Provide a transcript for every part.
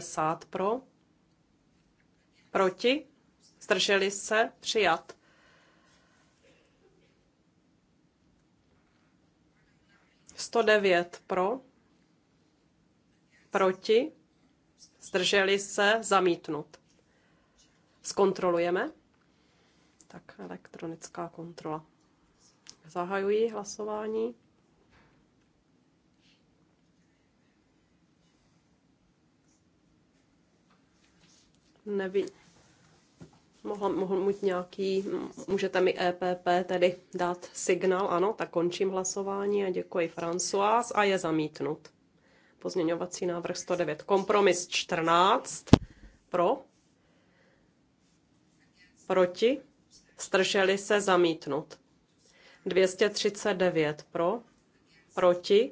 60 pro, proti, zdrželi se, přijat. Sto devět pro, proti, zdrželi se, zamítnut. Zkontrolujeme. Tak elektronická kontrola. Zahajuji hlasování. Neví. Mohla, mohl mít nějaký, můžete mi EPP tedy dát signál, ano, tak končím hlasování a děkuji François a je zamítnut. Pozměňovací návrh 109. Kompromis 14. Pro. Proti. Strželi se zamítnut. 239 pro. Proti.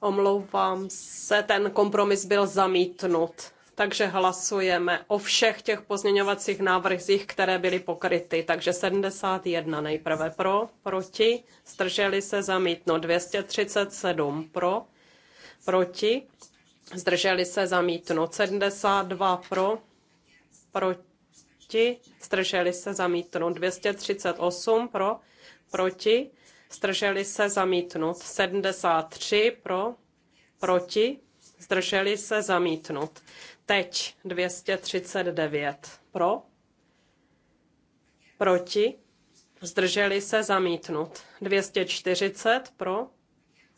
Omlouvám se, ten kompromis byl zamítnut. Takže hlasujeme o všech těch pozměňovacích návrzích, které byly pokryty. Takže 71 nejprve pro, proti, zdrželi se zamítnout. 237 pro, proti, zdrželi se zamítnout. 72 pro, proti, zdrželi se zamítnout. 238 pro, proti, zdrželi se zamítnut. 73 pro, proti, zdrželi se zamítnut. Teď 239 pro, proti, zdrželi se zamítnut. 240 pro,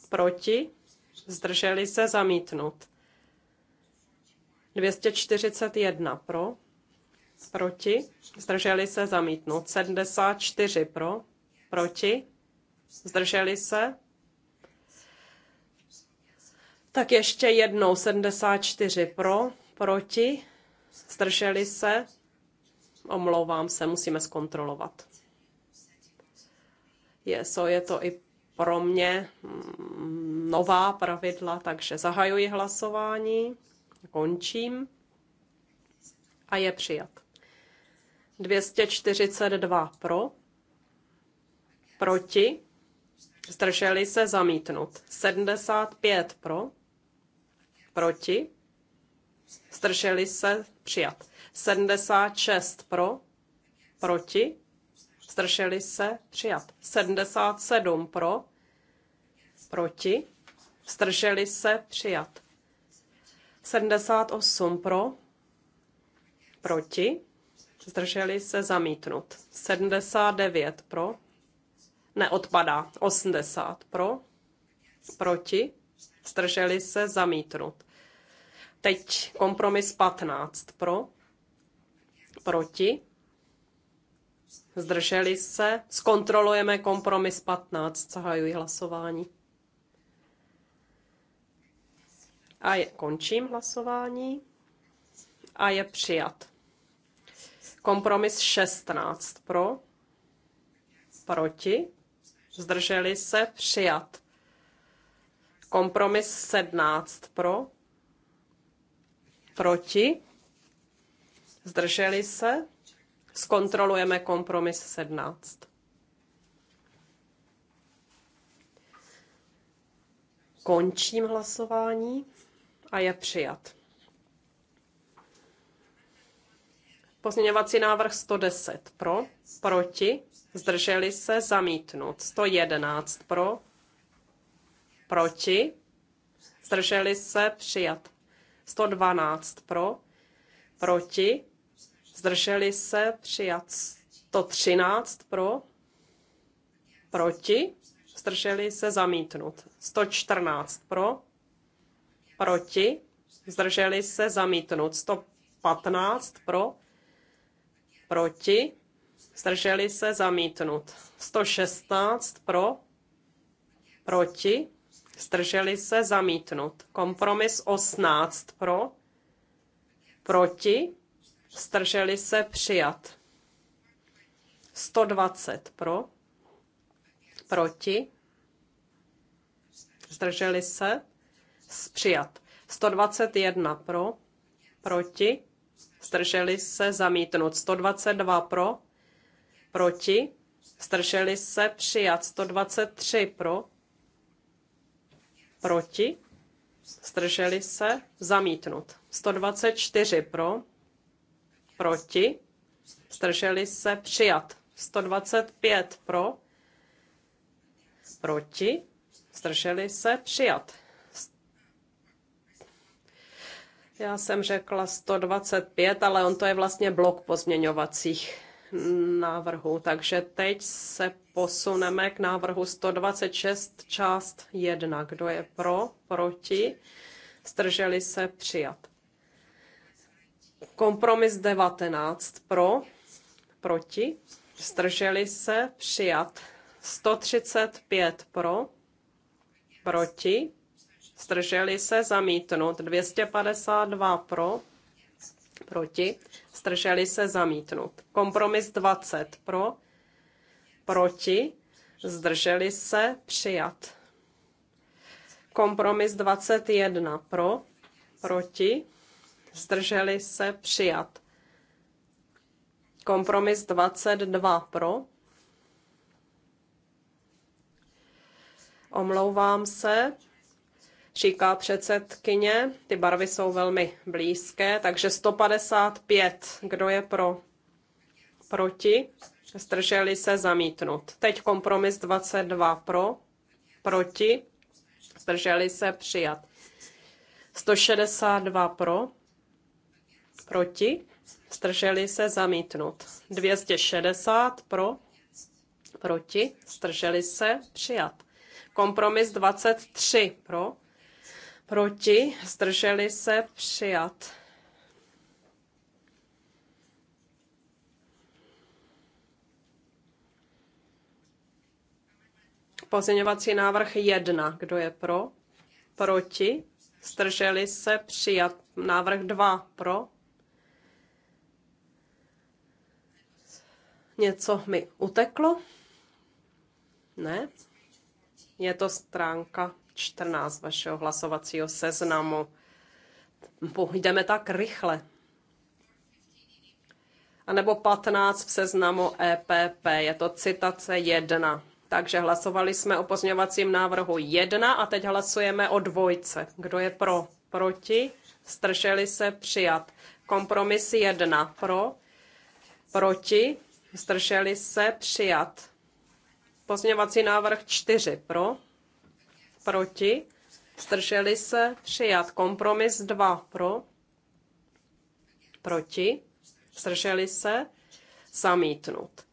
proti, zdrželi se zamítnut. 241 pro, proti, zdrželi se zamítnout. 74 pro, proti, Zdrželi se? Tak ještě jednou 74 pro, proti, zdrželi se. Omlouvám se, musíme zkontrolovat. Je, so je to i pro mě mm, nová pravidla, takže zahajuji hlasování, končím a je přijat. 242 pro, proti, zdrželi se zamítnut. 75 pro, proti, zdrželi se přijat. 76 pro, proti, zdrželi se přijat. 77 pro, proti, zdrželi se přijat. 78 pro, proti, zdrželi se zamítnut. 79 pro, neodpadá. 80 pro, proti, strželi se, zamítnut. Teď kompromis 15 pro, proti, zdrželi se, zkontrolujeme kompromis 15, zahajuji hlasování. A je, končím hlasování a je přijat. Kompromis 16 pro, proti, zdrželi se, přijat. Kompromis 17 pro, proti, zdrželi se, zkontrolujeme kompromis 17. Končím hlasování a je přijat. Pozměňovací návrh 110 pro, proti, zdrželi se, zamítnut. 111 pro, proti, zdrželi se, přijat. 112 pro, proti, zdrželi se, přijat. 113 pro, proti, zdrželi se, zamítnut. 114 pro, proti, zdrželi se, zamítnut. 115 pro, proti, zdrželi se zamítnut. 116 pro, proti, zdrželi se zamítnut. Kompromis 18 pro, proti, zdrželi se přijat. 120 pro, proti, zdrželi se, přijat. 121 pro, proti, Zdrželi se zamítnut 122 pro, proti. Zdrželi se přijat 123 pro, proti. Zdrželi se zamítnut 124 pro, proti. Zdrželi se přijat 125 pro, proti. Zdrželi se přijat Já jsem řekla 125, ale on to je vlastně blok pozměňovacích návrhů. Takže teď se posuneme k návrhu 126, část 1. Kdo je pro, proti? Strželi se přijat. Kompromis 19 pro, proti? Strželi se přijat. 135 pro, proti? Zdrželi se zamítnout 252 pro, proti. Zdrželi se zamítnout. Kompromis 20 pro, proti. Zdrželi se přijat. Kompromis 21 pro, proti. Zdrželi se přijat. Kompromis 22 pro. Omlouvám se říká předsedkyně. Ty barvy jsou velmi blízké, takže 155. Kdo je pro? Proti? Zdrželi se zamítnut. Teď kompromis 22 pro, proti, zdrželi se přijat. 162 pro, proti, zdrželi se zamítnut. 260 pro, proti, zdrželi se přijat. Kompromis 23 pro, proti, zdrželi se, přijat. Pozměňovací návrh 1. Kdo je pro? Proti? Zdrželi se přijat. Návrh 2. Pro? Něco mi uteklo? Ne? Je to stránka 14 vašeho hlasovacího seznamu. Jdeme tak rychle. A nebo 15 v seznamu EPP. Je to citace 1. Takže hlasovali jsme o pozměňovacím návrhu 1 a teď hlasujeme o dvojce. Kdo je pro? Proti? Strželi se přijat. Kompromis 1 pro, proti, Strželi se přijat. Pozměňovací návrh 4 pro, proti, zdrželi se, přijat. Kompromis 2 pro, proti, zdrželi se, zamítnut.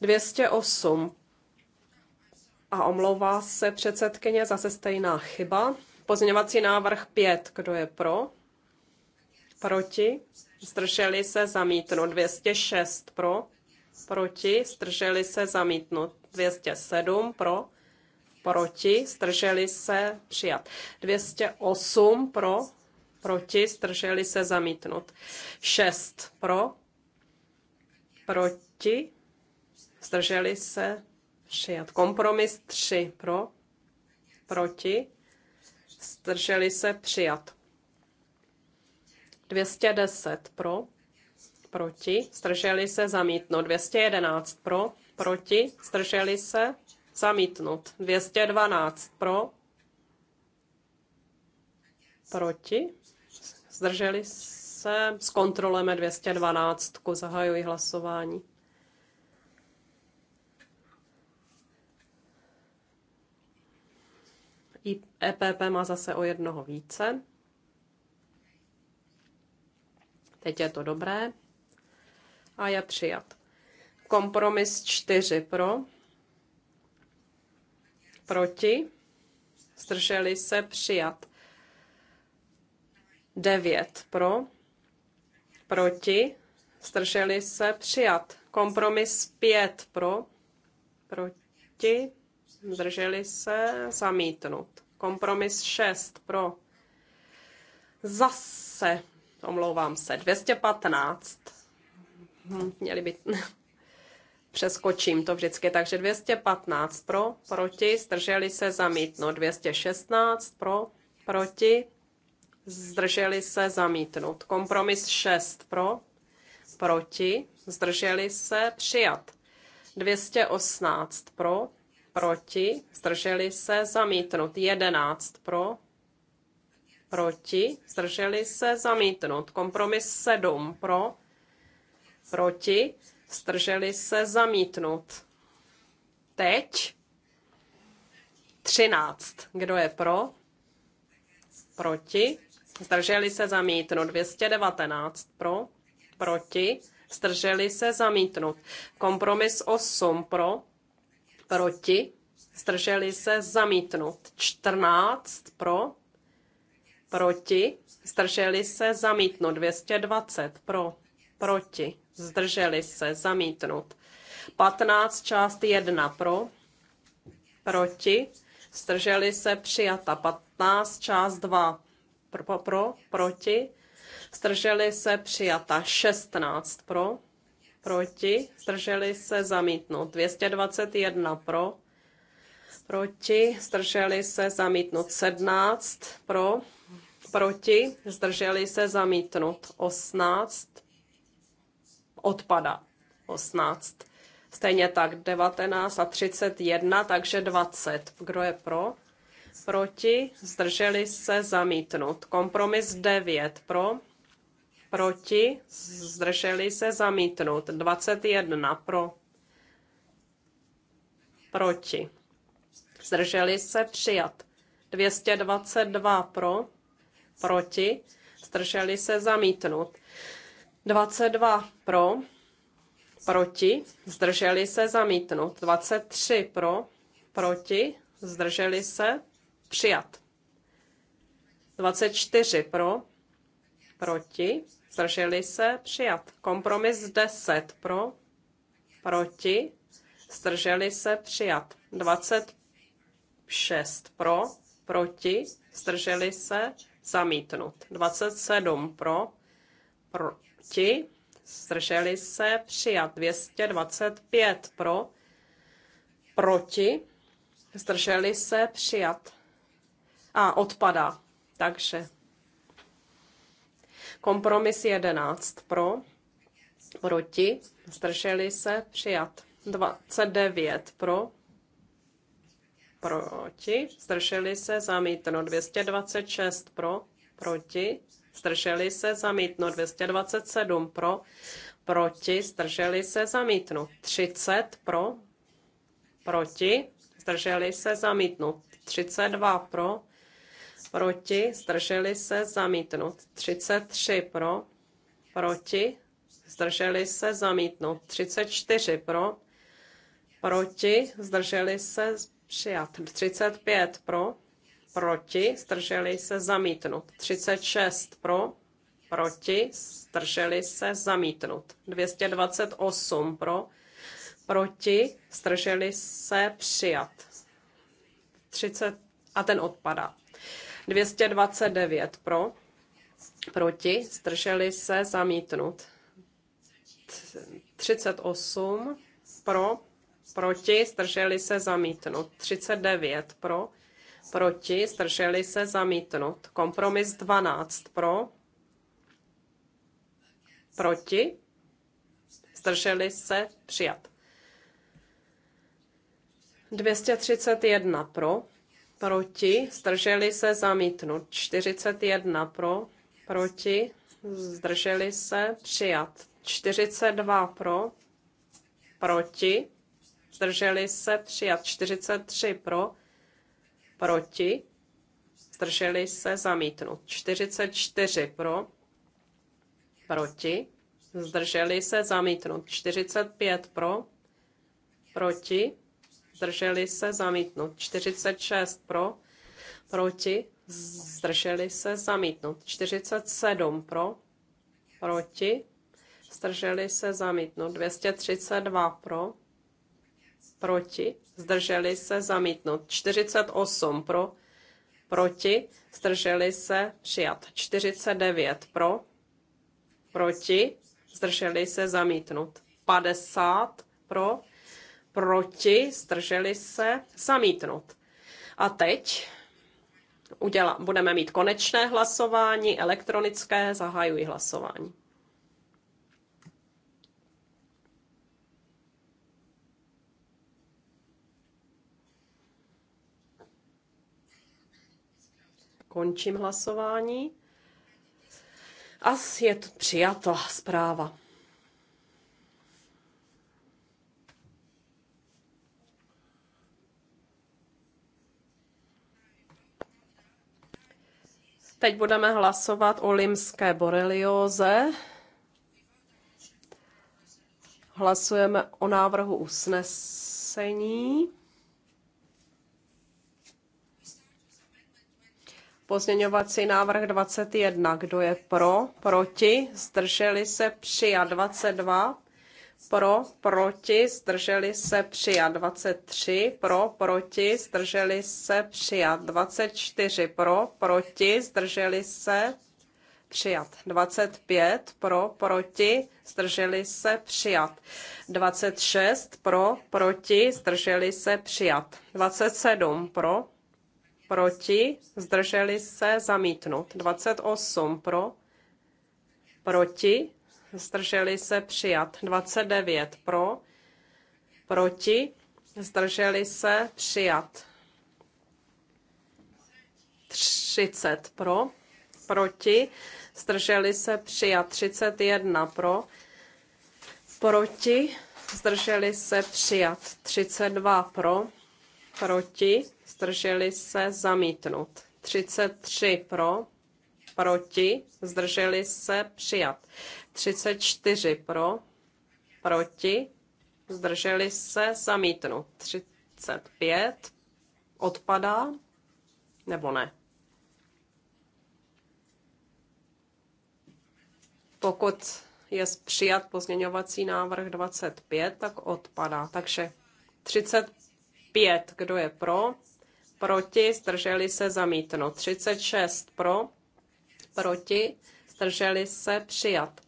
208 a omlouvá se předsedkyně, zase stejná chyba. Pozměňovací návrh 5, kdo je pro? Proti? Zdrželi se zamítnout. 206 pro? Proti? Zdrželi se zamítnout. 207 pro? proti, zdrželi se, přijat. 208 pro, proti, zdrželi se, zamítnut. 6 pro, proti, zdrželi se, přijat. Kompromis 3 pro, proti, zdrželi se, přijat. 210 pro, proti, zdrželi se, zamítnout. 211 pro, proti, zdrželi se, Zamítnut. 212 pro. Proti. Zdrželi se. Zkontrolujeme 212. Zahajuji hlasování. EPP má zase o jednoho více. Teď je to dobré. A je přijat. Kompromis 4 pro proti, zdrželi se přijat. 9 pro, proti, zdrželi se přijat. Kompromis 5 pro, proti, zdrželi se zamítnut. Kompromis 6 pro, zase, omlouvám se, 215. Hm, Měli by přeskočím to vždycky, takže 215 pro, proti, zdrželi se zamítnout, 216 pro, proti, zdrželi se zamítnout, kompromis 6 pro, proti, zdrželi se přijat, 218 pro, proti, zdrželi se zamítnout, 11 pro, proti, zdrželi se zamítnout, kompromis 7 pro, proti, zdrželi se zamítnut. Teď 13. Kdo je pro? Proti. Zdrželi se zamítnout. 219 pro. Proti. Zdrželi se zamítnout. Kompromis 8 pro. Proti. Zdrželi se zamítnout. 14 pro. Proti. Zdrželi se zamítnout. 220 pro. Proti zdrželi se, zamítnut. 15 část 1 pro, proti, zdrželi se, přijata. 15 část 2 pro, pro proti, zdrželi se, přijata. 16 pro, proti, zdrželi se, zamítnout. 221 pro, proti, zdrželi se, zamítnout. 17 pro, proti, zdrželi se, zamítnout. 18 odpada. 18. Stejně tak 19 a 31, takže 20. Kdo je pro? Proti? Zdrželi se zamítnout. Kompromis 9 pro? Proti? Zdrželi se zamítnout. 21 pro? Proti? Zdrželi se přijat. 222 pro? Proti? Zdrželi se zamítnout. 22 pro, proti, zdrželi se zamítnut. 23 pro, proti, zdrželi se přijat. 24 pro, proti, zdrželi se přijat. Kompromis 10 pro, proti, zdrželi se přijat. 26 pro, proti, zdrželi se zamítnut. 27 pro, pro proti, zdrželi se, přijat 225 pro, proti, zdrželi se, přijat a odpadá. Takže kompromis 11 pro, proti, zdrželi se, přijat 29 pro, proti, zdrželi se, zamítno 226 pro, proti, zdrželi se zamítno 227 pro, proti, zdrželi se zamítno 30 pro, proti, zdrželi se zamítno 32 pro, proti, zdrželi se zamítno 33 pro, proti, zdrželi se zamítno 34 pro, proti, zdrželi se přijat 35 pro, proti, strželi se zamítnut. 36 pro, proti, strželi se zamítnut. 228 pro, proti, strželi se přijat. 30 a ten odpadá. 229 pro, proti, strželi se zamítnut. 38 pro, proti, strželi se zamítnut. 39 pro, proti, zdrželi se, zamítnout Kompromis 12 pro, proti, zdrželi se, přijat. 231 pro, proti, zdrželi se, zamítnout. 41 pro, proti, zdrželi se, přijat. 42 pro, proti, zdrželi se, přijat. 43 pro, proti, zdrželi se zamítnut. 44 pro, proti, zdrželi se zamítnut. 45 pro, proti, zdrželi se zamítnut. 46 pro, proti, zdrželi se zamítnut. 47 pro, proti, zdrželi se zamítnut. 232 pro, proti, zdrželi se, zamítnut. 48 pro, proti, zdrželi se, přijat. 49 pro, proti, zdrželi se, zamítnut. 50 pro, proti, zdrželi se, zamítnut. A teď udělá, budeme mít konečné hlasování, elektronické, zahajuji hlasování. Končím hlasování. A je to přijato zpráva. Teď budeme hlasovat o limské borelioze. Hlasujeme o návrhu usnesení. Pozměňovací návrh 21. Kdo je pro? Proti? Zdrželi se přijat 22. Pro, proti, zdrželi se přijat 23, pro, proti, zdrželi se přijat 24, pro, proti, zdrželi se přijat 25, pro, proti, zdrželi se přijat 26, pro, proti, zdrželi se přijat 27, pro, proti, zdrželi se, zamítnut. 28 pro, proti, zdrželi se, přijat. 29 pro, proti, zdrželi se, přijat. 30 pro, proti, zdrželi se, přijat. 31 pro, proti, zdrželi se, přijat. 32 pro, proti, zdrželi se zamítnut. 33 pro, proti, zdrželi se přijat. 34 pro, proti, zdrželi se zamítnut. 35 odpadá, nebo ne? Pokud je přijat pozměňovací návrh 25, tak odpadá. Takže 35, kdo je pro, proti, zdrželi se zamítno. 36 pro, proti, zdrželi se přijat.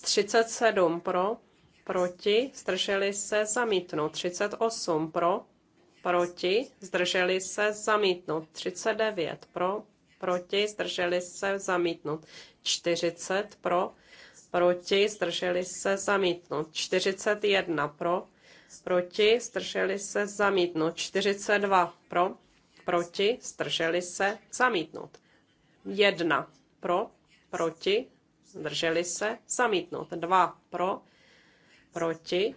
37 pro, proti, zdrželi se zamítno. 38 pro, proti, zdrželi se zamítno. 39 pro, proti, zdrželi se zamítno. 40 pro, proti, zdrželi se zamítno. 41 pro, proti, zdrželi se zamítno. 42 pro, proti, zdrželi se, zamítnout. Jedna pro, proti, zdrželi se, zamítnout. Dva pro, proti.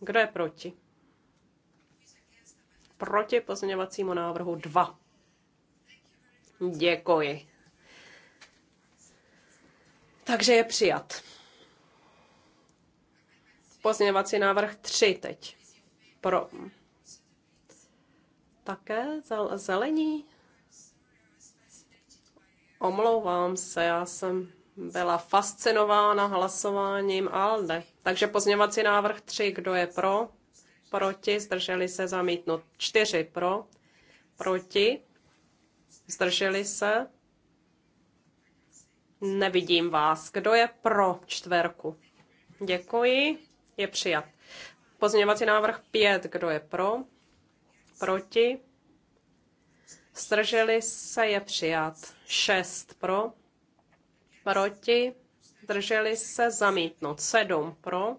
Kdo je proti? Proti pozměňovacímu návrhu dva. Děkuji. Takže je přijat. Pozměňovací návrh 3 teď. Pro, také zelení? Omlouvám se, já jsem byla fascinována hlasováním ALDE. Takže pozněvací návrh 3, kdo je pro? Proti, zdrželi se zamítnout. 4 pro, proti, zdrželi se. Nevidím vás. Kdo je pro čtverku? Děkuji, je přijat. Pozměňovací návrh 5, kdo je pro? proti, zdrželi se je přijat. 6 pro, proti, zdrželi se zamítnout. 7 pro,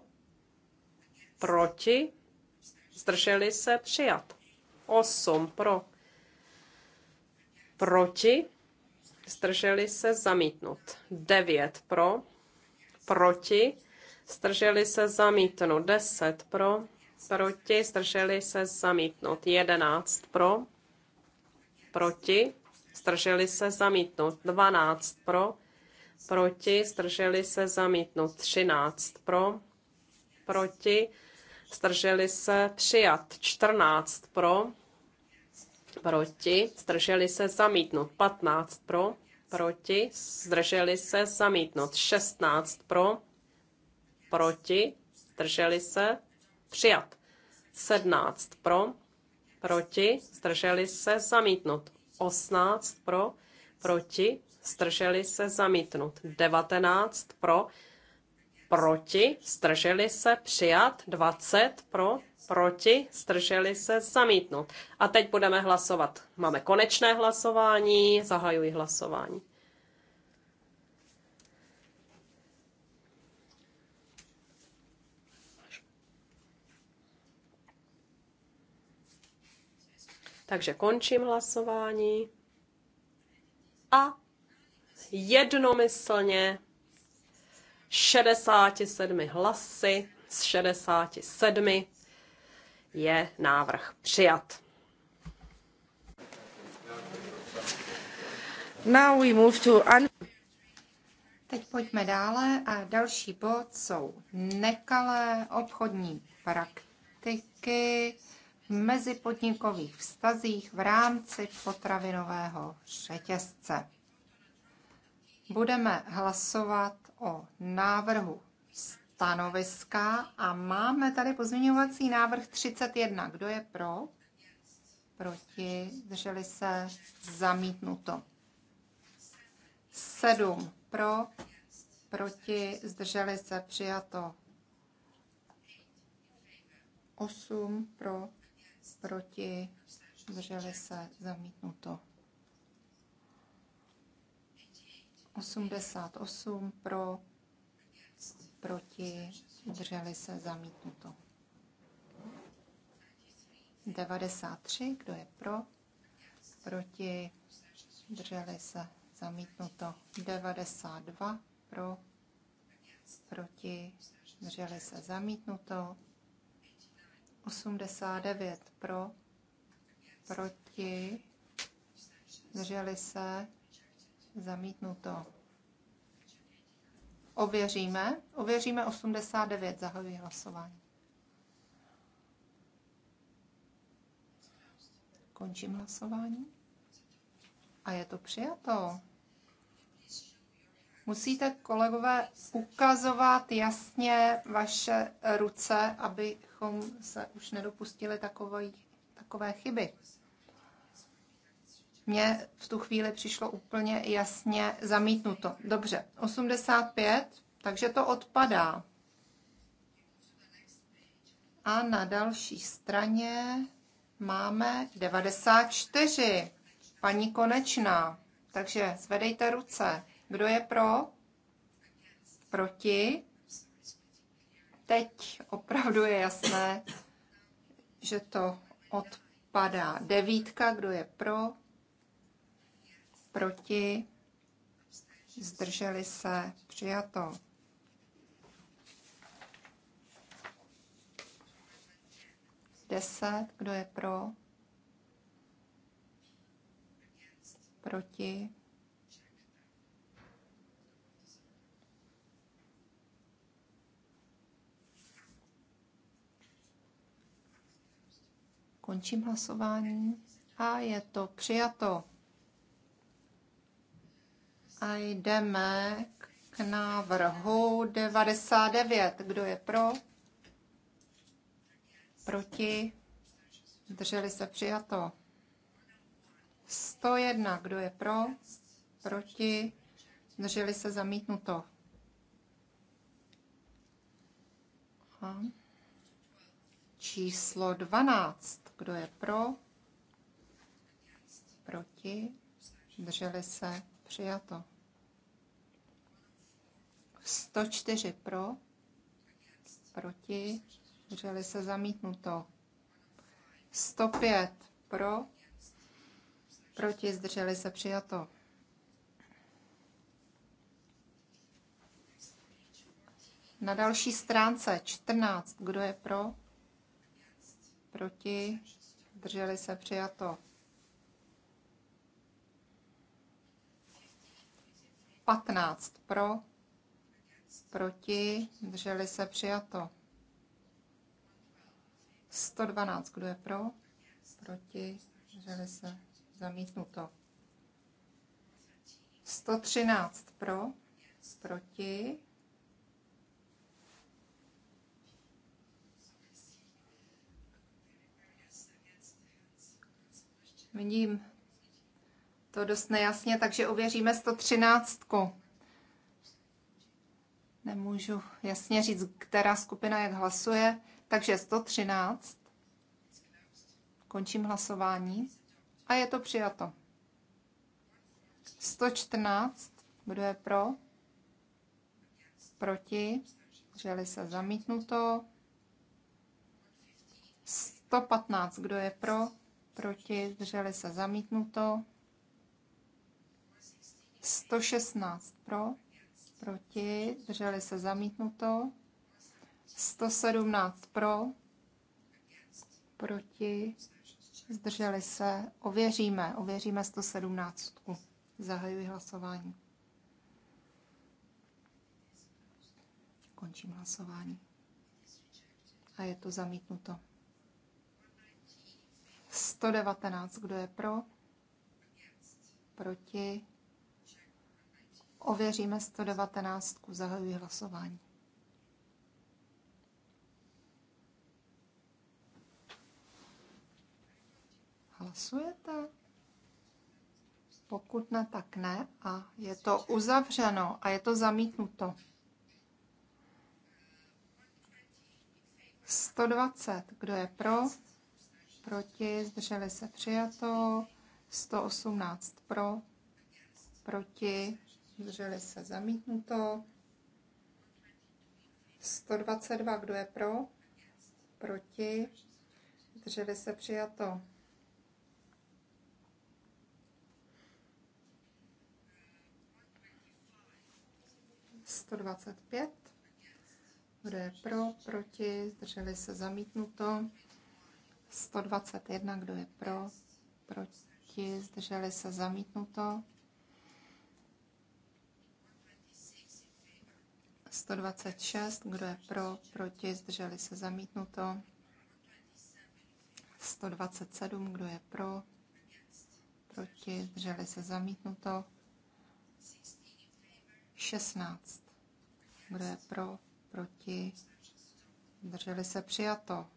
proti, zdrželi se přijat. 8 pro, proti, zdrželi se zamítnout. 9 pro, proti, zdrželi se zamítnout. 10 pro, proti, zdrželi se zamítnout. 11 pro, proti, zdrželi se zamítnout. 12 pro, proti, zdrželi se zamítnout. 13 pro, proti, zdrželi se přijat. 14 pro, proti, zdrželi se zamítnout. 15 pro, proti, zdrželi se zamítnout. 16 pro, proti, zdrželi se Přijat. 17 pro, proti, zdrželi se, zamítnut. 18 pro, proti, zdrželi se, zamítnut. 19 pro, proti, zdrželi se, přijat. 20 pro, proti, zdrželi se, zamítnut. A teď budeme hlasovat. Máme konečné hlasování, zahajuji hlasování. Takže končím hlasování. A jednomyslně 67 hlasy z 67 je návrh přijat. Now we move to un- Teď pojďme dále a další bod jsou nekalé obchodní praktiky mezipodnikových vztazích v rámci potravinového řetězce. Budeme hlasovat o návrhu stanoviska a máme tady pozměňovací návrh 31. Kdo je pro? Proti? Drželi se? Zamítnuto. 7 pro, proti, zdrželi se, přijato. 8 pro, proti, zdrželi se, zamítnuto. 88 pro, proti, zdrželi se, zamítnuto. 93, kdo je pro, proti, zdrželi se, zamítnuto. 92 pro, proti, zdrželi se, zamítnuto. 89 pro, proti, zdrželi se, zamítnuto. Ověříme, ověříme 89, zahajuji hlasování. Končím hlasování. A je to přijato. Musíte, kolegové, ukazovat jasně vaše ruce, abychom se už nedopustili takové, takové chyby. Mně v tu chvíli přišlo úplně jasně zamítnuto. Dobře, 85, takže to odpadá. A na další straně máme 94, paní Konečná. Takže zvedejte ruce. Kdo je pro? Proti? Teď opravdu je jasné, že to odpadá. Devítka, kdo je pro? Proti? Zdrželi se? Přijato. Deset, kdo je pro? Proti? Končím hlasování a je to přijato. A jdeme k návrhu 99. Kdo je pro? Proti? Drželi se přijato. 101. Kdo je pro? Proti? Drželi se zamítnuto. Aha. Číslo 12. Kdo je pro? Proti? Drželi se? Přijato. 104 pro? Proti? Drželi se zamítnuto. 105 pro? Proti? Zdrželi se? Přijato. Na další stránce 14. Kdo je pro? proti, drželi se přijato. 15 pro, proti, drželi se přijato. 112, kdo je pro, proti, drželi se zamítnuto. 113 pro, proti, Vidím to dost nejasně, takže ověříme 113. Nemůžu jasně říct, která skupina jak hlasuje. Takže 113. Končím hlasování. A je to přijato. 114. Kdo je pro? Proti? Želi se zamítnuto. 115. Kdo je pro? proti, zdrželi se zamítnuto. 116 pro, proti, zdrželi se zamítnuto. 117 pro, proti, zdrželi se. Ověříme, ověříme 117. Zahajuji hlasování. Končím hlasování. A je to zamítnuto. 119, kdo je pro? Proti? Ověříme 119, zahajuji hlasování. Hlasujete? Pokud ne, tak ne. A je to uzavřeno a je to zamítnuto. 120, kdo je pro? proti, zdrželi se přijato, 118 pro, proti, zdrželi se zamítnuto, 122, kdo je pro, proti, zdrželi se přijato. Sto dvacet pět. Kdo je pro, proti, zdrželi se zamítnuto. 121, kdo je pro, proti, zdrželi se zamítnuto. 126, kdo je pro, proti, zdrželi se zamítnuto. 127, kdo je pro, proti, zdrželi se zamítnuto. 16, kdo je pro, proti, zdrželi se přijato.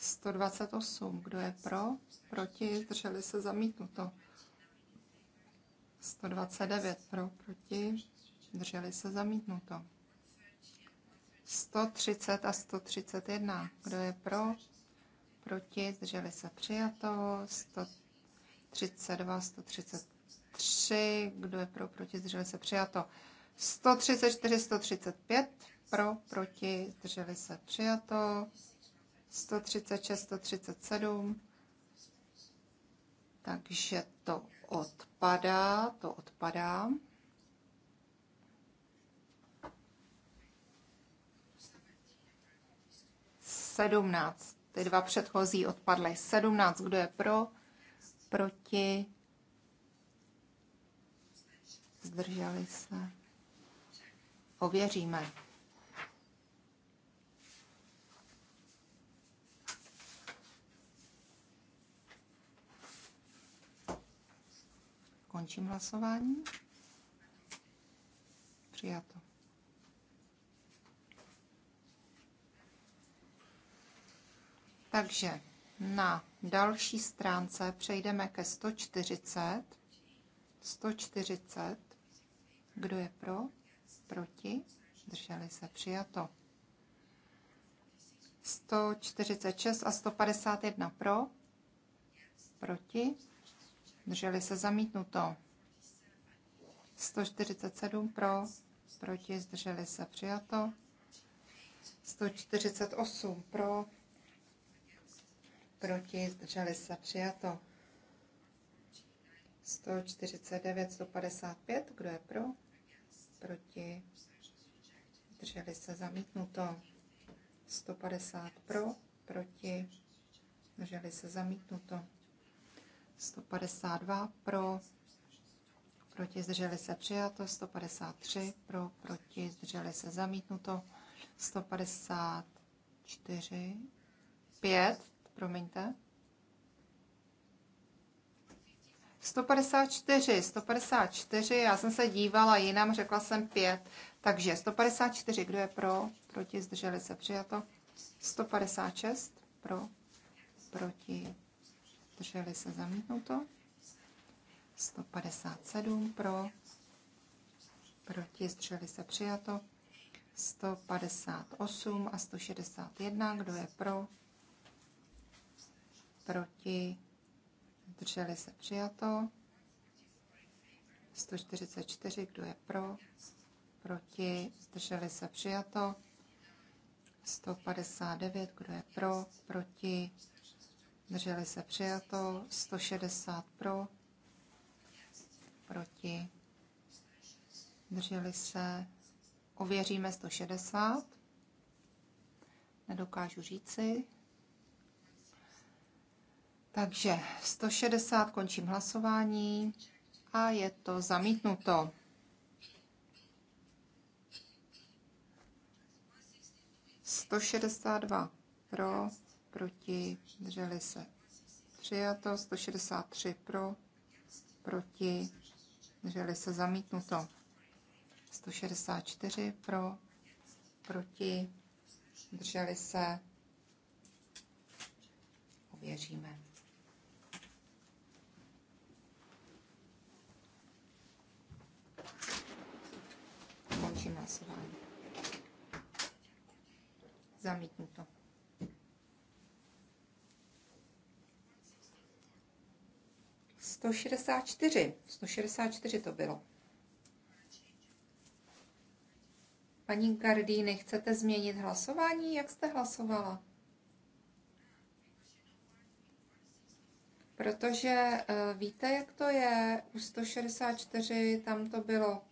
128. Kdo je pro? Proti? Zdrželi se zamítnuto. 129. Pro? Proti? Zdrželi se zamítnuto. 130 a 131. Kdo je pro? Proti? Zdrželi se přijato. 132, 133. Kdo je pro? Proti? Zdrželi se přijato. 134, 135. Pro? Proti? Zdrželi se přijato. 136, 137. Takže to odpadá, to odpadá. Sedmnáct. Ty dva předchozí odpadly. Sedmnáct, kdo je pro, proti, zdrželi se. Ověříme. Končím hlasování. Přijato. Takže na další stránce přejdeme ke 140. 140. Kdo je pro? Proti? Drželi se přijato. 146 a 151 pro? Proti? Drželi se zamítnuto. 147 pro, proti, zdrželi se přijato. 148 pro, proti, zdrželi se přijato. 149, 155, kdo je pro, proti, zdrželi se zamítnuto. 150 pro, proti, zdrželi se zamítnuto. 152 pro, proti zdrželi se přijato, 153 pro, proti zdrželi se zamítnuto, 154, 5, promiňte, 154, 154, já jsem se dívala jinam, řekla jsem 5, takže 154, kdo je pro, proti, zdrželi se přijato, 156, pro, proti, zdrželi se zamítnuto. 157 pro, proti zdrželi se přijato. 158 a 161, kdo je pro, proti zdrželi se přijato. 144, kdo je pro, proti zdrželi se přijato. 159, kdo je pro, proti, Drželi se přijato. 160 pro. Proti. Drželi se. Ověříme 160. Nedokážu říci. Takže 160 končím hlasování a je to zamítnuto. Sto šedesát dva pro, proti, drželi se. Přijato 163 pro, proti, drželi se zamítnuto. 164 pro, proti, drželi se. Ověříme. Končím hlasování. Zamítnuto. 164. 164 to bylo. Paní Gardíny, chcete změnit hlasování? Jak jste hlasovala? Protože eh, víte, jak to je? U 164 tam to bylo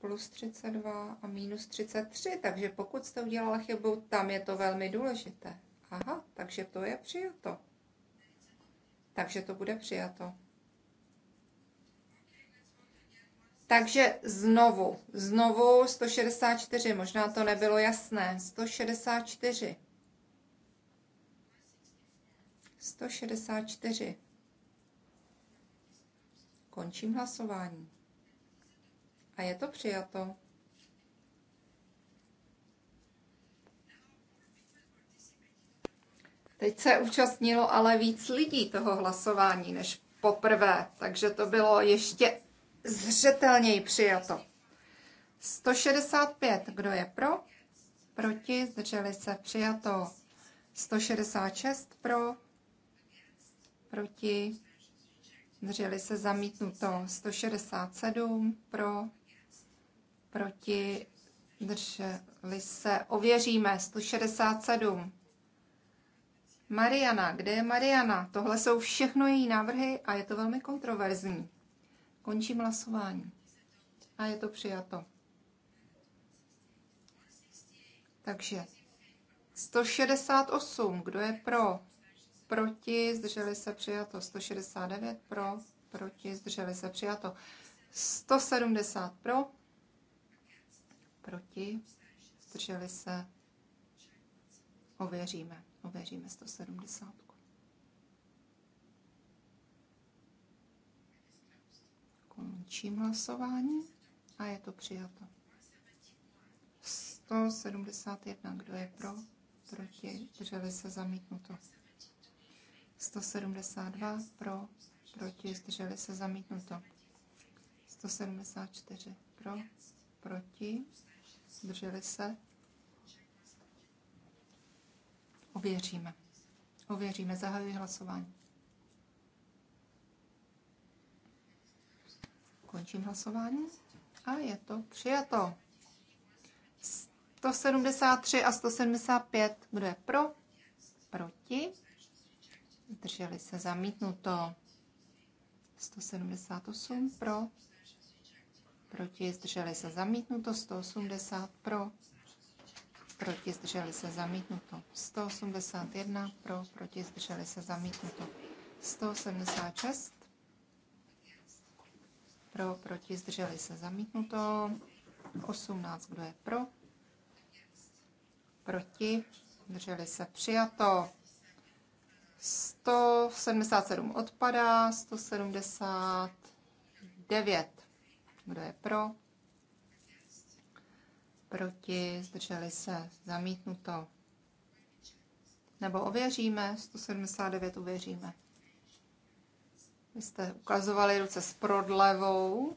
plus 32 a minus 33, takže pokud jste udělala chybu, tam je to velmi důležité. Aha, takže to je přijato takže to bude přijato. Takže znovu, znovu 164, možná to nebylo jasné, 164. 164. Končím hlasování. A je to přijato. Teď se účastnilo ale víc lidí toho hlasování než poprvé, takže to bylo ještě zřetelněji přijato. 165, kdo je pro? Proti, zdrželi se, přijato. 166 pro, proti, zdrželi se, zamítnuto. 167 pro, proti, zdrželi se, ověříme. 167 Mariana, kde je Mariana? Tohle jsou všechno její návrhy a je to velmi kontroverzní. Končím hlasování. A je to přijato. Takže 168, kdo je pro? Proti, zdrželi se přijato. 169 pro, proti, zdrželi se přijato. 170 pro, proti, zdrželi se, ověříme. Ověříme 170. Končím hlasování a je to přijato. 171. Kdo je pro? Proti? Drželi se zamítnuto. 172. Pro? Proti? Zdrželi se zamítnuto. 174. Pro? Proti? Zdrželi se ověříme. Ověříme, zahajuji hlasování. Končím hlasování a je to přijato. 173 a 175. Kdo je pro? Proti? Zdrželi se zamítnuto. 178 pro. Proti? Zdrželi se zamítnuto. 180 pro proti zdrželi se zamítnuto. 181 pro, proti zdrželi se zamítnuto. 176 pro, proti zdrželi se zamítnuto. 18, kdo je pro, proti zdrželi se přijato. 177 odpadá, 179. Kdo je pro? proti, zdrželi se, zamítnuto. Nebo ověříme, 179 uvěříme. Vy jste ukazovali ruce s prodlevou.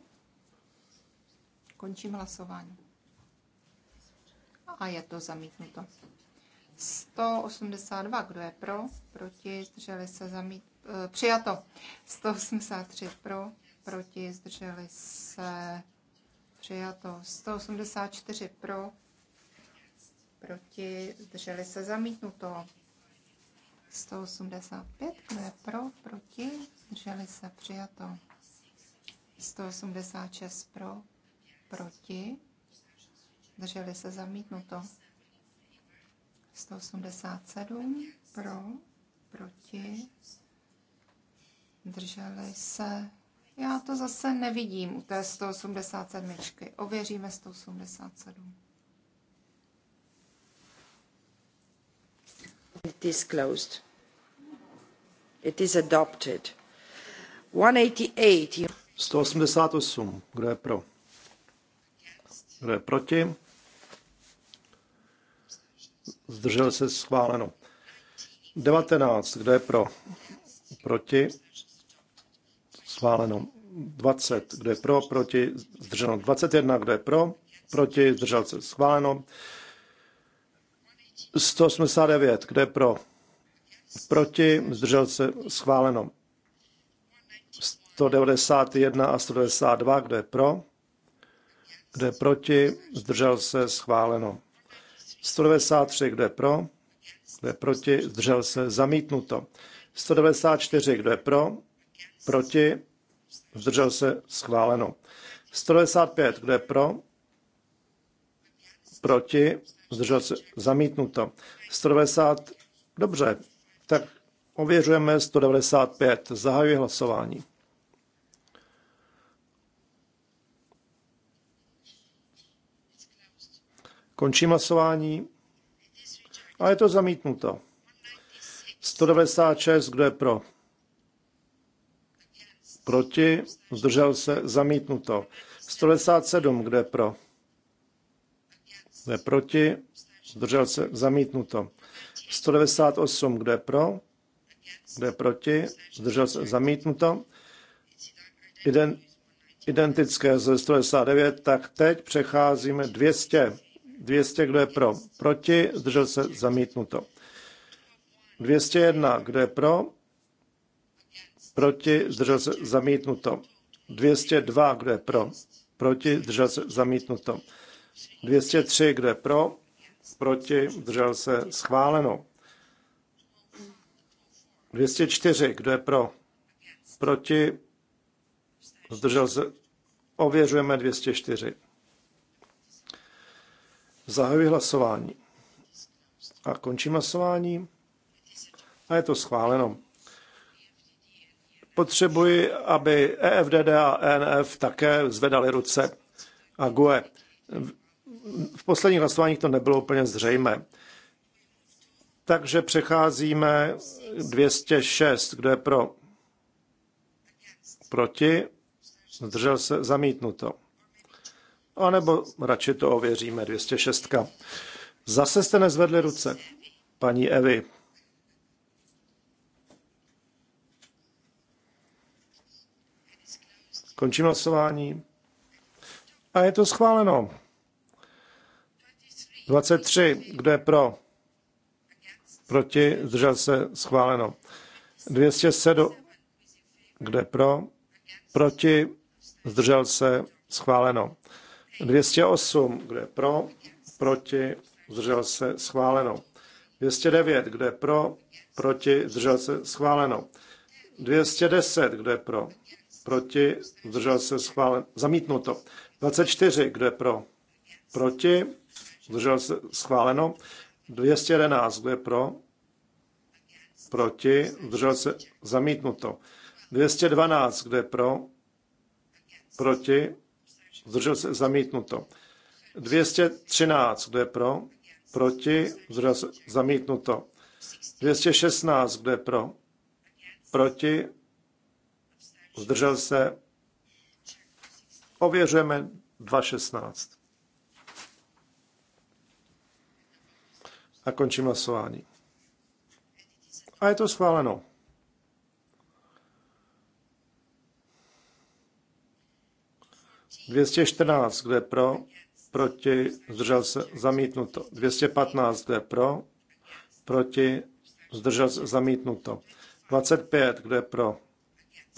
Končím hlasování. A je to zamítnuto. 182, kdo je pro, proti, zdrželi se, zamít, eh, přijato. 183 pro, proti, zdrželi se, Přijato 184 pro, proti, zdrželi se zamítnuto. 185, kdo je pro, proti, zdrželi se přijato. 186 pro, proti, zdrželi se zamítnuto. 187 pro, proti, zdrželi se já to zase nevidím u té 187. Ověříme 187. It is closed. It is adopted. 188. 188. Kdo je pro? Kdo je proti? Zdržel se schváleno. 19. Kdo je pro? Proti? Schváleno 20, kdo je pro, proti, zdrženo 21, kdo je pro, proti, zdržel se. Schváleno 189, kdo je pro, proti, zdržel se. Schváleno 191 a 192, kdo je pro, kdo je proti, zdržel se. Schváleno 193, kdo je pro, kdo je proti, zdržel se. Zamítnuto 194, kdo je pro, proti, Zdržel se schváleno. 195, kdo je pro? Proti? Zdržel se zamítnuto. 190, dobře, tak ověřujeme 195. Zahajuji hlasování. Končím hlasování. A je to zamítnuto. 196, kdo je pro? proti, zdržel se, zamítnuto. 197, kde pro, kde proti, zdržel se, zamítnuto. 198, kde pro, kde proti, zdržel se, zamítnuto. Ident, identické ze 199, tak teď přecházíme 200. 200, kdo je pro, proti, zdržel se, zamítnuto. 201, kdo je pro, proti, zdržel se, zamítnuto. 202, kdo je pro, proti, zdržel se, zamítnuto. 203, kdo je pro, proti, zdržel se, schváleno. 204, kdo je pro, proti, zdržel se, ověřujeme 204. Zahajuji hlasování. A končím hlasování. A je to schváleno. Potřebuji, aby EFDD a ENF také zvedali ruce a GUE. V posledních hlasováních to nebylo úplně zřejmé. Takže přecházíme 206. Kdo je pro? Proti? Zdržel se? Zamítnuto. A nebo radši to ověříme. 206. Zase jste nezvedli ruce. Paní Evi. Končím hlasování. A je to schváleno. 23. Kdo je pro? Proti? Zdržel se? Schváleno. 207. Kdo je pro? Proti? Zdržel se? Schváleno. 208. Kdo je pro? Proti? Zdržel se? Schváleno. 209. Kdo je pro? Proti? Zdržel se? Schváleno. 210. Kdo je pro? proti, zdržel se schválen, zamítnuto. 24, kdo je pro, proti, zdržel se schváleno. 211, kdo je pro, proti, zdržel se zamítnuto. 212, kdo je pro, proti, zdržel se zamítnuto. 213, kdo je pro, proti, zdržel se zamítnuto. 216, kdo je pro, proti, zdržel se, ověřujeme 2.16. A končím hlasování. A je to schváleno. Dvěstě čtrnáct, kde pro, proti, zdržel se, zamítnuto. 215, kde pro, proti, zdržel se, zamítnuto. 25, kde pro,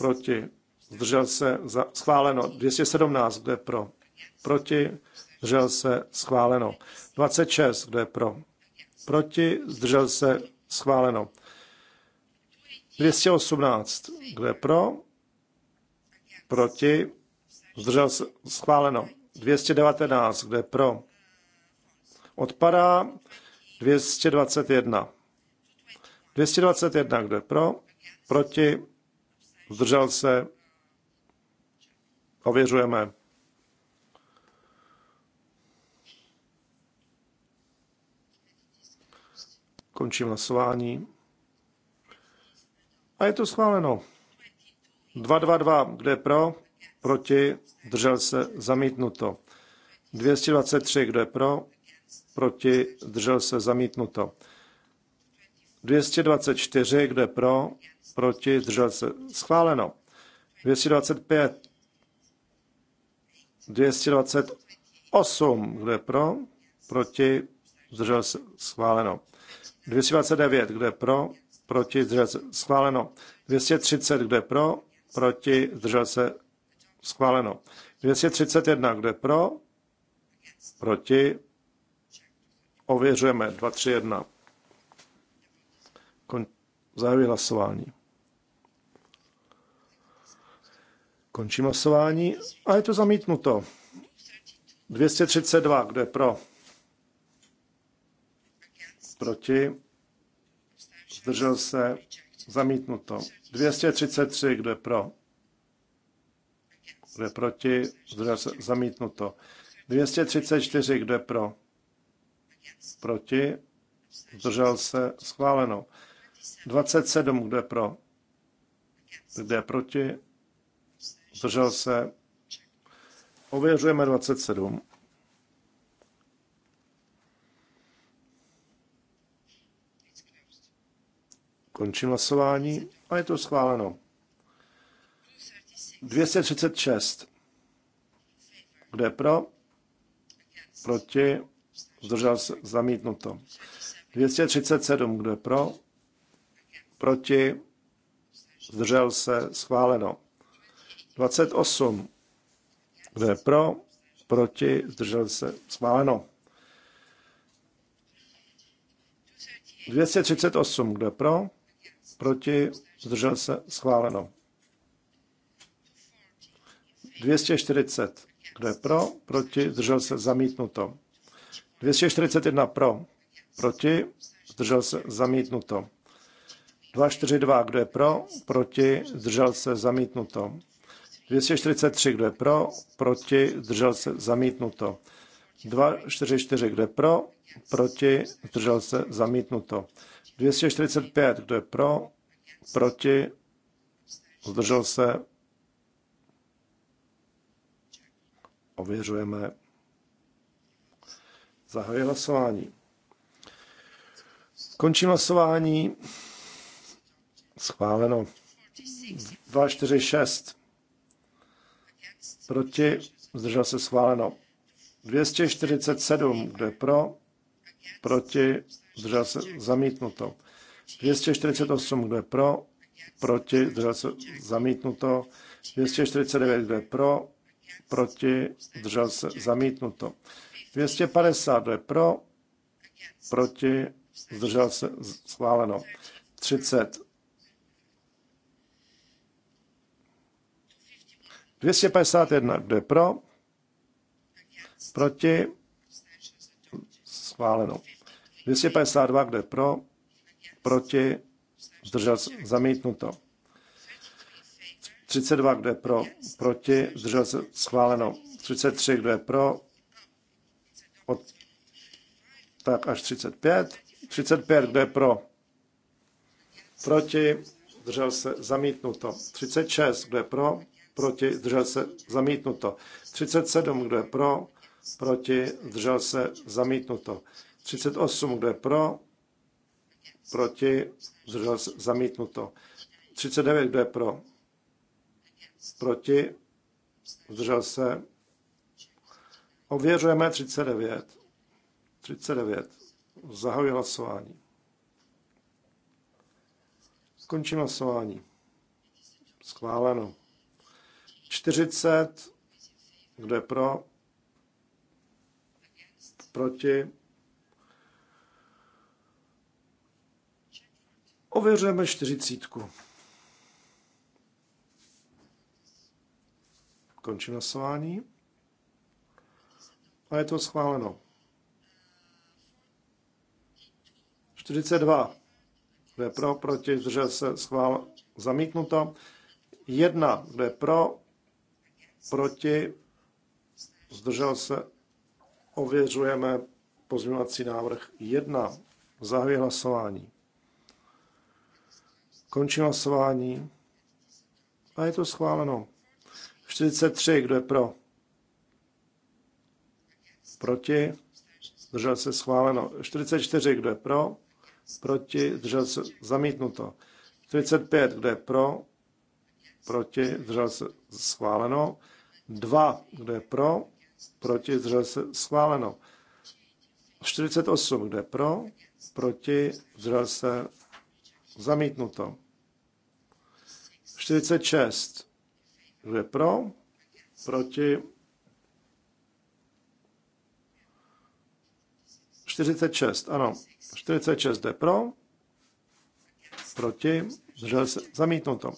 proti, zdržel se, za, schváleno. 217, kdo je pro, proti, zdržel se, schváleno. 26, kdo je pro, proti, zdržel se, schváleno. 218, kdo je pro, proti, zdržel se, schváleno. 219, kdo je pro, odpadá. 221. 221, kdo je pro, proti, zdržel se, ověřujeme. Končím hlasování. A je to schváleno. 222, je pro, proti, držel se, zamítnuto. 223, kdo je pro, proti, držel se, zamítnuto. 224, kdo je pro, proti, zdržel se, schváleno. 225, 228, kdo je pro, proti, zdržel se, schváleno. 229, kdo je pro, proti, zdržel se, schváleno. 230, kdo je pro, proti, zdržel se, schváleno. 231, kdo je pro, proti, ověřujeme, 231. Zahajuji hlasování. Končím hlasování a je to zamítnuto. 232, kdo je pro? Proti? Zdržel se? Zamítnuto. 233, kdo je pro? Kdo je proti? Zdržel se? Zamítnuto. 234, kdo je pro? Proti? Zdržel se? Schváleno. 27, kdo je pro? Kdo je proti? Zdržel se? Ověřujeme 27. Končím hlasování a je to schváleno. 236. Kdo je pro? Proti? Zdržel se? Zamítnuto. 237. Kdo je pro? proti, zdržel se, schváleno. 28, kdo je pro, proti, zdržel se, schváleno. 238, kdo je pro, proti, zdržel se, schváleno. 240, kdo je pro, proti, zdržel se, zamítnuto. 241 pro, proti, zdržel se, zamítnuto. 242, kdo je pro, proti, zdržel se, zamítnuto. 243, kdo je pro, proti, zdržel se, zamítnuto. 244, kdo je pro, proti, zdržel se, zamítnuto. 245, kdo je pro, proti, zdržel se, ověřujeme. zahajuje hlasování. Končím hlasování. Schváleno. 246. Proti. Zdržel se schváleno. 247. Kdo je pro? Proti. Zdržel se zamítnuto. 248. Kdo je pro? Proti. Zdržel se zamítnuto. 249. Kdo je pro? Proti. Zdržel se zamítnuto. 250. Kdo je pro? Proti. Zdržel se schváleno. 30 251, kdo je pro? Proti? Schváleno. 252, kdo je pro? Proti? Zdržel se zamítnuto. 32, kdo je pro? Proti? Zdržel se schváleno. 33, kdo je pro? Od, tak až 35. 35, kdo je pro? Proti? Zdržel se zamítnuto. 36, kdo je pro? proti, zdržel se, zamítnuto. 37, kdo je pro, proti, zdržel se, zamítnuto. 38, kdo je pro, proti, zdržel se, zamítnuto. 39, kdo je pro, proti, zdržel se, ověřujeme 39. 39. Zahajuji hlasování. Končím hlasování. Schváleno. 40, kdo je pro, proti. Ověřujeme 40. Končím hlasování. A je to schváleno. 42. Kdo je pro, proti, zdržel se, schvál, zamítnuto. 1. Kdo je pro, proti, zdržel se, ověřujeme pozměňovací návrh 1. Zahajuji hlasování. Končím hlasování. A je to schváleno. 43, kdo je pro? Proti? Zdržel se schváleno. 44, kdo je pro? Proti? Zdržel se zamítnuto. 45, kdo je pro? proti, zdržel se schváleno. 2, kdo je pro, proti, zdržel se schváleno. 48, kdo je pro, proti, zdržel se zamítnuto. 46, kdo je pro, proti, 46, ano, 46 jde pro, proti, zdržel se, zamítnuto.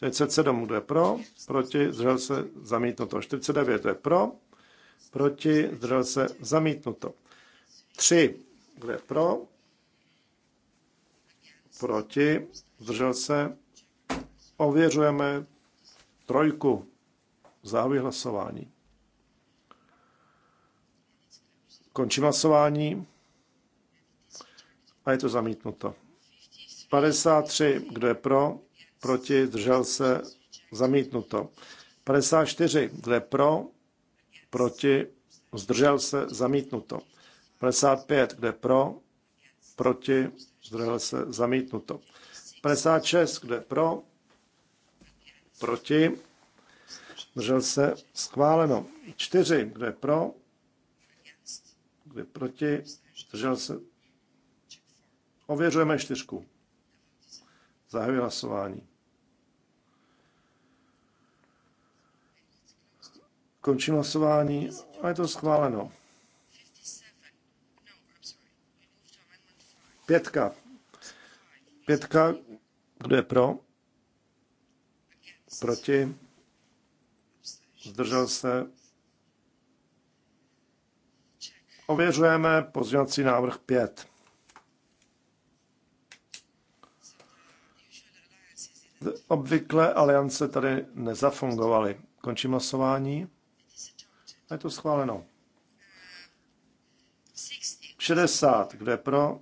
47, kdo je pro, proti, zdržel se, zamítnuto. 49, kdo je pro, proti, zdržel se, zamítnuto. 3, kdo je pro, proti, zdržel se, ověřujeme trojku, závěr hlasování. Končím hlasování a je to zamítnuto. 53, kdo je pro, proti, zdržel se, zamítnuto. 54, je pro, proti, zdržel se, zamítnuto. 55, je pro, proti, zdržel se, zamítnuto. 56, je pro, proti, zdržel se, schváleno. 4, je pro, je proti, zdržel se. Ověřujeme čtyřku. Zahajuji hlasování. Končím hlasování a je to schváleno. Pětka. Pětka, kdo je pro? Proti? Zdržel se? Ověřujeme pozměňovací návrh 5. Obvykle aliance tady nezafungovaly. Končím hlasování je to schváleno. 60, kde pro,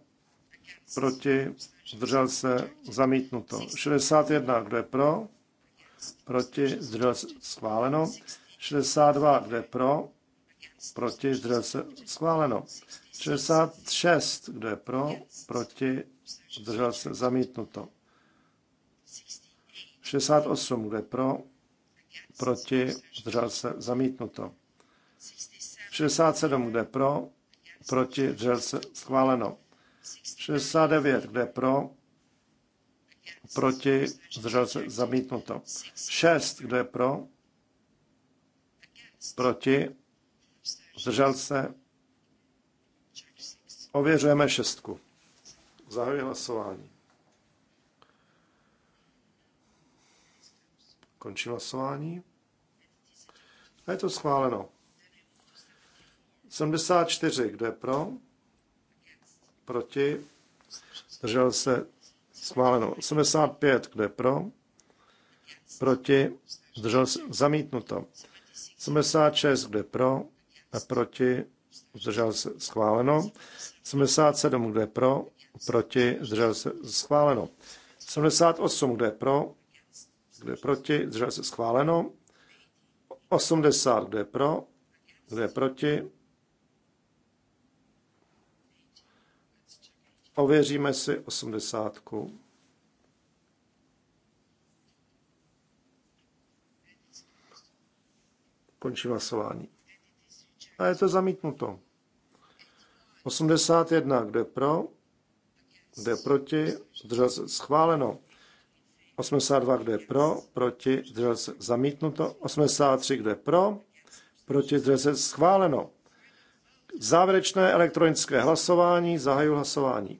proti, zdržel se, zamítnuto. 61, kde pro, proti, zdržel se, schváleno. 62, kde pro, proti, zdržel se, schváleno. 66, kde pro, proti, zdržel se, zamítnuto. 68, kde pro, proti, zdržel se, zamítnuto. 67, kde pro, proti, držel se, schváleno. 69, kde pro, proti, zdržel se, zamítnuto. 6, kde pro, proti, zdržel se, ověřujeme šestku. Zahajuji hlasování. Končí hlasování. A je to schváleno. 74, kdo je pro? Proti? Zdržel se schváleno. 75, kdo je pro? Proti? Zdržel se zamítnuto. 76, kdo je pro? A proti? Zdržel se schváleno. 77, kdo je pro? Proti? Zdržel se schváleno. 78, kdo je pro? Kdo je proti? Zdržel se schváleno. 80, kdo je pro? Kdo je proti? Ověříme si osmdesátku. Končí hlasování. A je to zamítnuto. 81, kdo je pro, kdo je proti, zdržel se schváleno. 82, kdo je pro, proti, zdržel se zamítnuto. 83, kdo je pro, proti, zdržel se schváleno. Závěrečné elektronické hlasování. Zahajuji hlasování.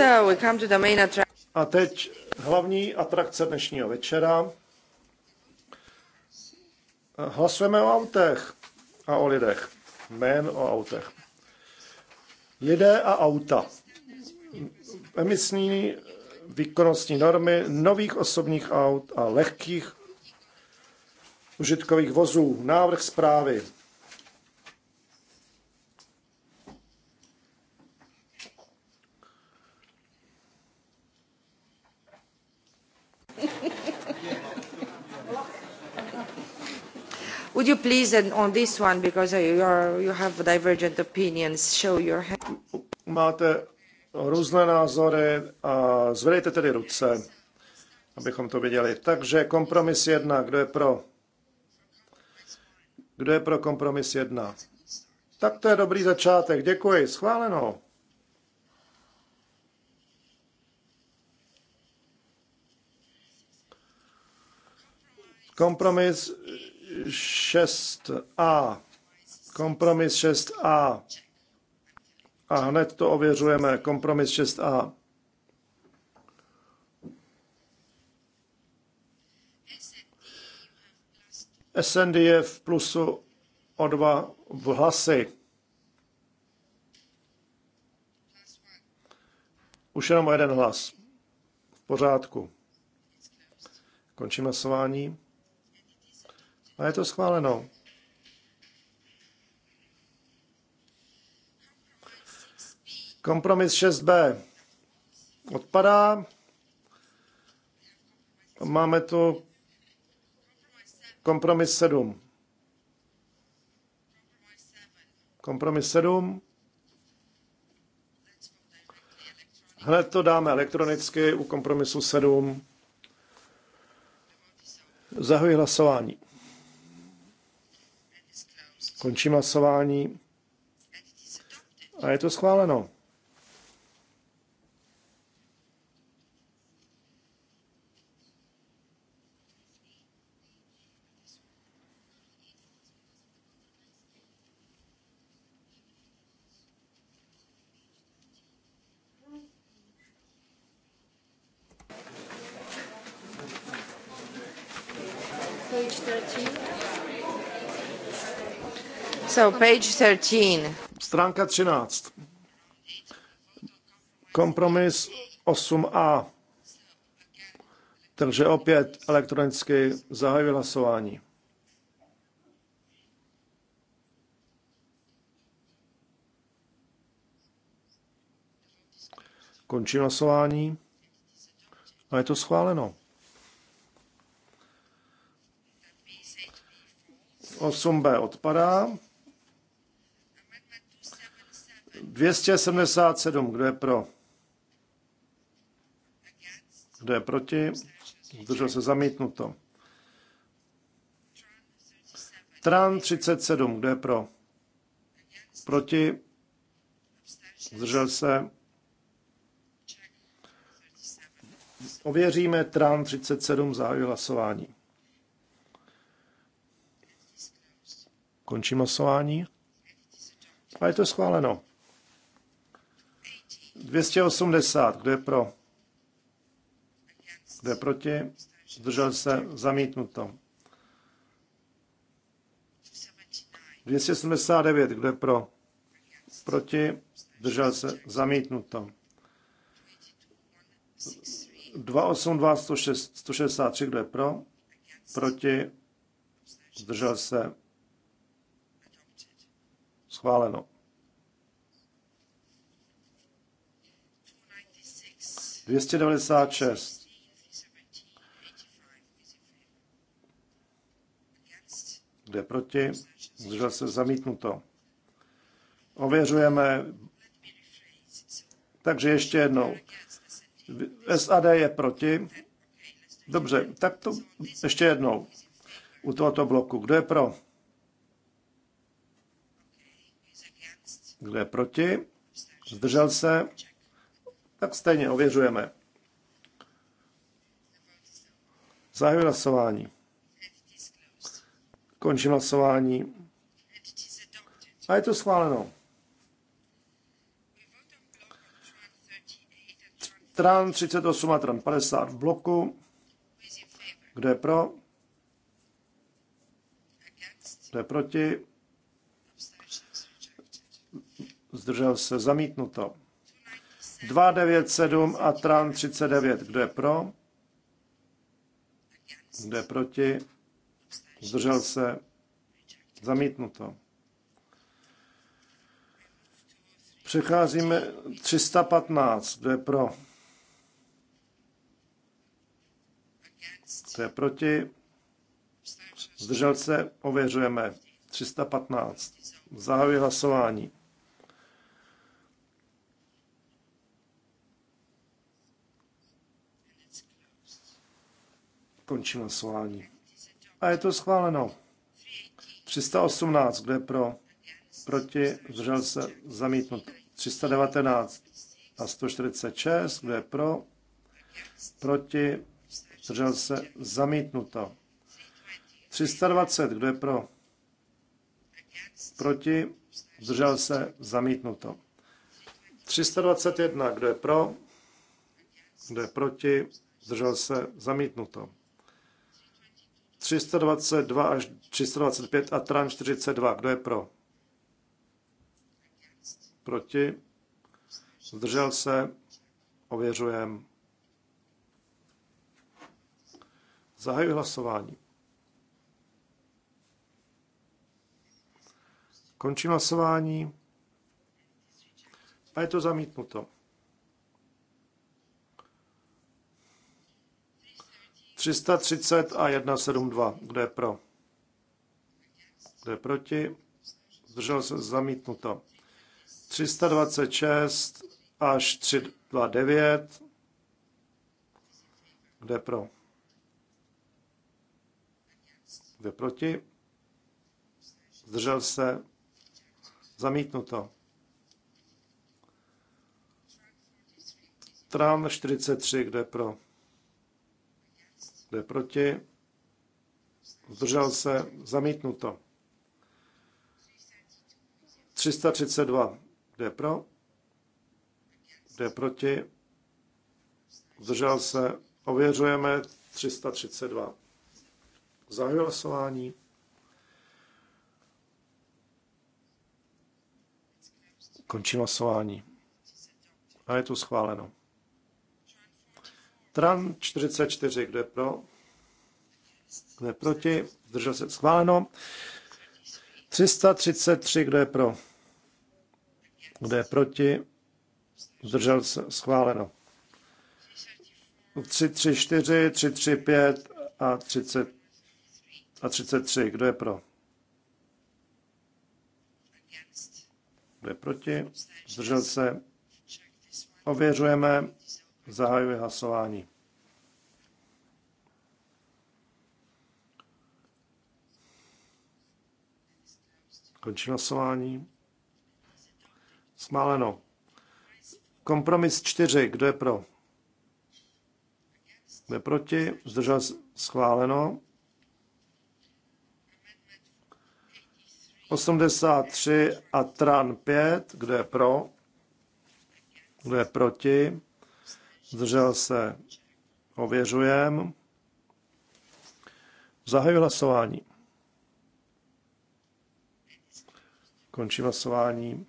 So we come to the main A teď hlavní atrakce dnešního večera. Hlasujeme o autech a o lidech. Jmén o autech. Lidé a auta. Emisní výkonnostní normy nových osobních aut a lehkých užitkových vozů. Návrh zprávy please, and on this one, because you, are, you have divergent opinions, show your hand. Máte různé názory a zvedejte tedy ruce, abychom to viděli. Takže kompromis jedna, kdo je pro? Kdo je pro kompromis jedna? Tak to je dobrý začátek, děkuji, schváleno. Kompromis 6a. Kompromis 6a. A hned to ověřujeme. Kompromis 6a. SND je v plusu o dva v hlasy. Už jenom o jeden hlas. V pořádku. Končím hlasování. A je to schváleno. Kompromis 6b odpadá. Máme tu kompromis 7. Kompromis 7. Hned to dáme elektronicky u kompromisu 7. Zahoji hlasování. Končím hlasování. A je to schváleno. 13. Stránka 13. Kompromis 8a. Takže opět elektronicky zahajuji hlasování. Končím hlasování a je to schváleno. 8b odpadá. 277, kdo je pro? Kdo je proti? Zdržel se zamítnuto. Tran 37, kdo je pro? Proti? Zdržel se. Ověříme Tran 37, zahajuji hlasování. Končím hlasování. A je to schváleno. 280, kdo je pro? Kdo je proti? Zdržel se zamítnuto. 279, kdo je pro? Proti? Zdržel se zamítnuto. 282, 163, kdo je pro? Proti? Zdržel se schváleno. 296. Kde proti? Zdržel se zamítnuto. Ověřujeme. Takže ještě jednou. SAD je proti. Dobře, tak to ještě jednou u tohoto bloku. Kdo je pro? Kdo je proti? Zdržel se? tak stejně ověřujeme. Zahajuji hlasování. Končím hlasování. A je to schváleno. Tran 38 a Tran 50 v bloku. Kdo je pro? Kdo je proti? Zdržel se zamítnuto. 297 a Tran 39. Kdo je pro? Kdo je proti? Zdržel se? Zamítnuto. Přecházíme 315. Kdo je pro? Kdo je proti? Zdržel se? Ověřujeme. 315. Zahajuji hlasování. skončím hlasování. A je to schváleno. 318, kdo je pro, proti, zdržel se zamítnut. 319 a 146, kdo je pro, proti, zdržel se zamítnuto. 320, kdo je pro, proti, zdržel se zamítnuto. 321, kdo je pro, kdo je proti, zdržel se zamítnuto. 322 až 325 a tran 42. Kdo je pro? Proti? Zdržel se? Ověřujem. Zahajuji hlasování. Končím hlasování. A je to zamítnuto. 330 a 172. Kdo je pro? Kdo je proti? Zdržel se zamítnuto. 326 až 329. Kdo je pro? Kdo je proti? Zdržel se zamítnuto. Tram 43, kde pro? Kdo je proti? Zdržel se? Zamítnuto. 332. Kdo je pro? Kdo je proti? Zdržel se? Ověřujeme 332. Zahajuji hlasování. Končím hlasování. A je to schváleno. Tran 44, kdo je pro? Kdo je proti? Zdržel se schváleno. 333, kdo je pro? Kdo je proti? Zdržel se schváleno. 334, 335 a, 30, a 33, kdo je pro? Kdo je proti? Zdržel se. Ověřujeme Zahajuji hlasování. Končí hlasování. Smáleno. Kompromis 4. Kdo je pro? Kdo je proti? Zdržel schváleno. 83 a TRAN 5. Kdo je pro? Kdo je proti? zdržel se, ověřujem. Zahajuji hlasování. Končím hlasování.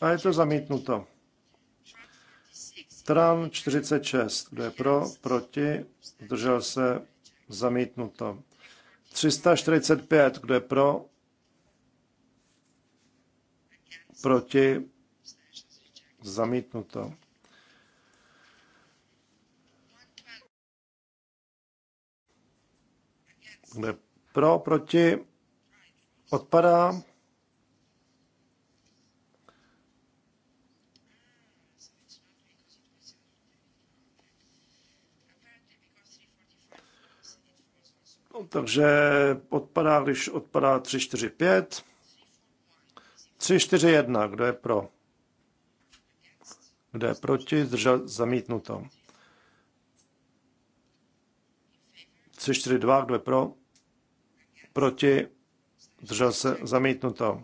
A je to zamítnuto. Tran 46. Kdo je pro? Proti? Zdržel se? Zamítnuto. 345. Kdo je pro? Proti? Zamítnuto. Kde pro, proti, odpadá. No, takže odpadá, když odpadá 3, 4, 5. 3, 4, 1. Kdo je pro? Kdo je proti? Zdržel zamítnuto. 2, kdo je pro? Proti? Zdržel se zamítnuto.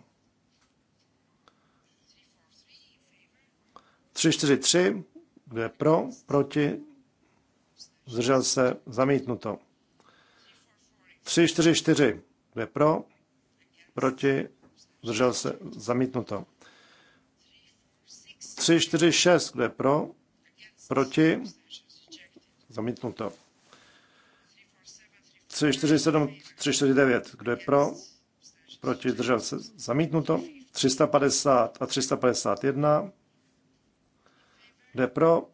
3, kdo je pro? Proti? Zdržel se zamítnuto. 4, kdo je pro? Proti? Zdržel se zamítnuto. 6, kdo je pro? Proti? Zamítnuto. 347, 349. Kdo je pro? Proti zdržel se zamítnuto. 350 a 351. Kdo je pro?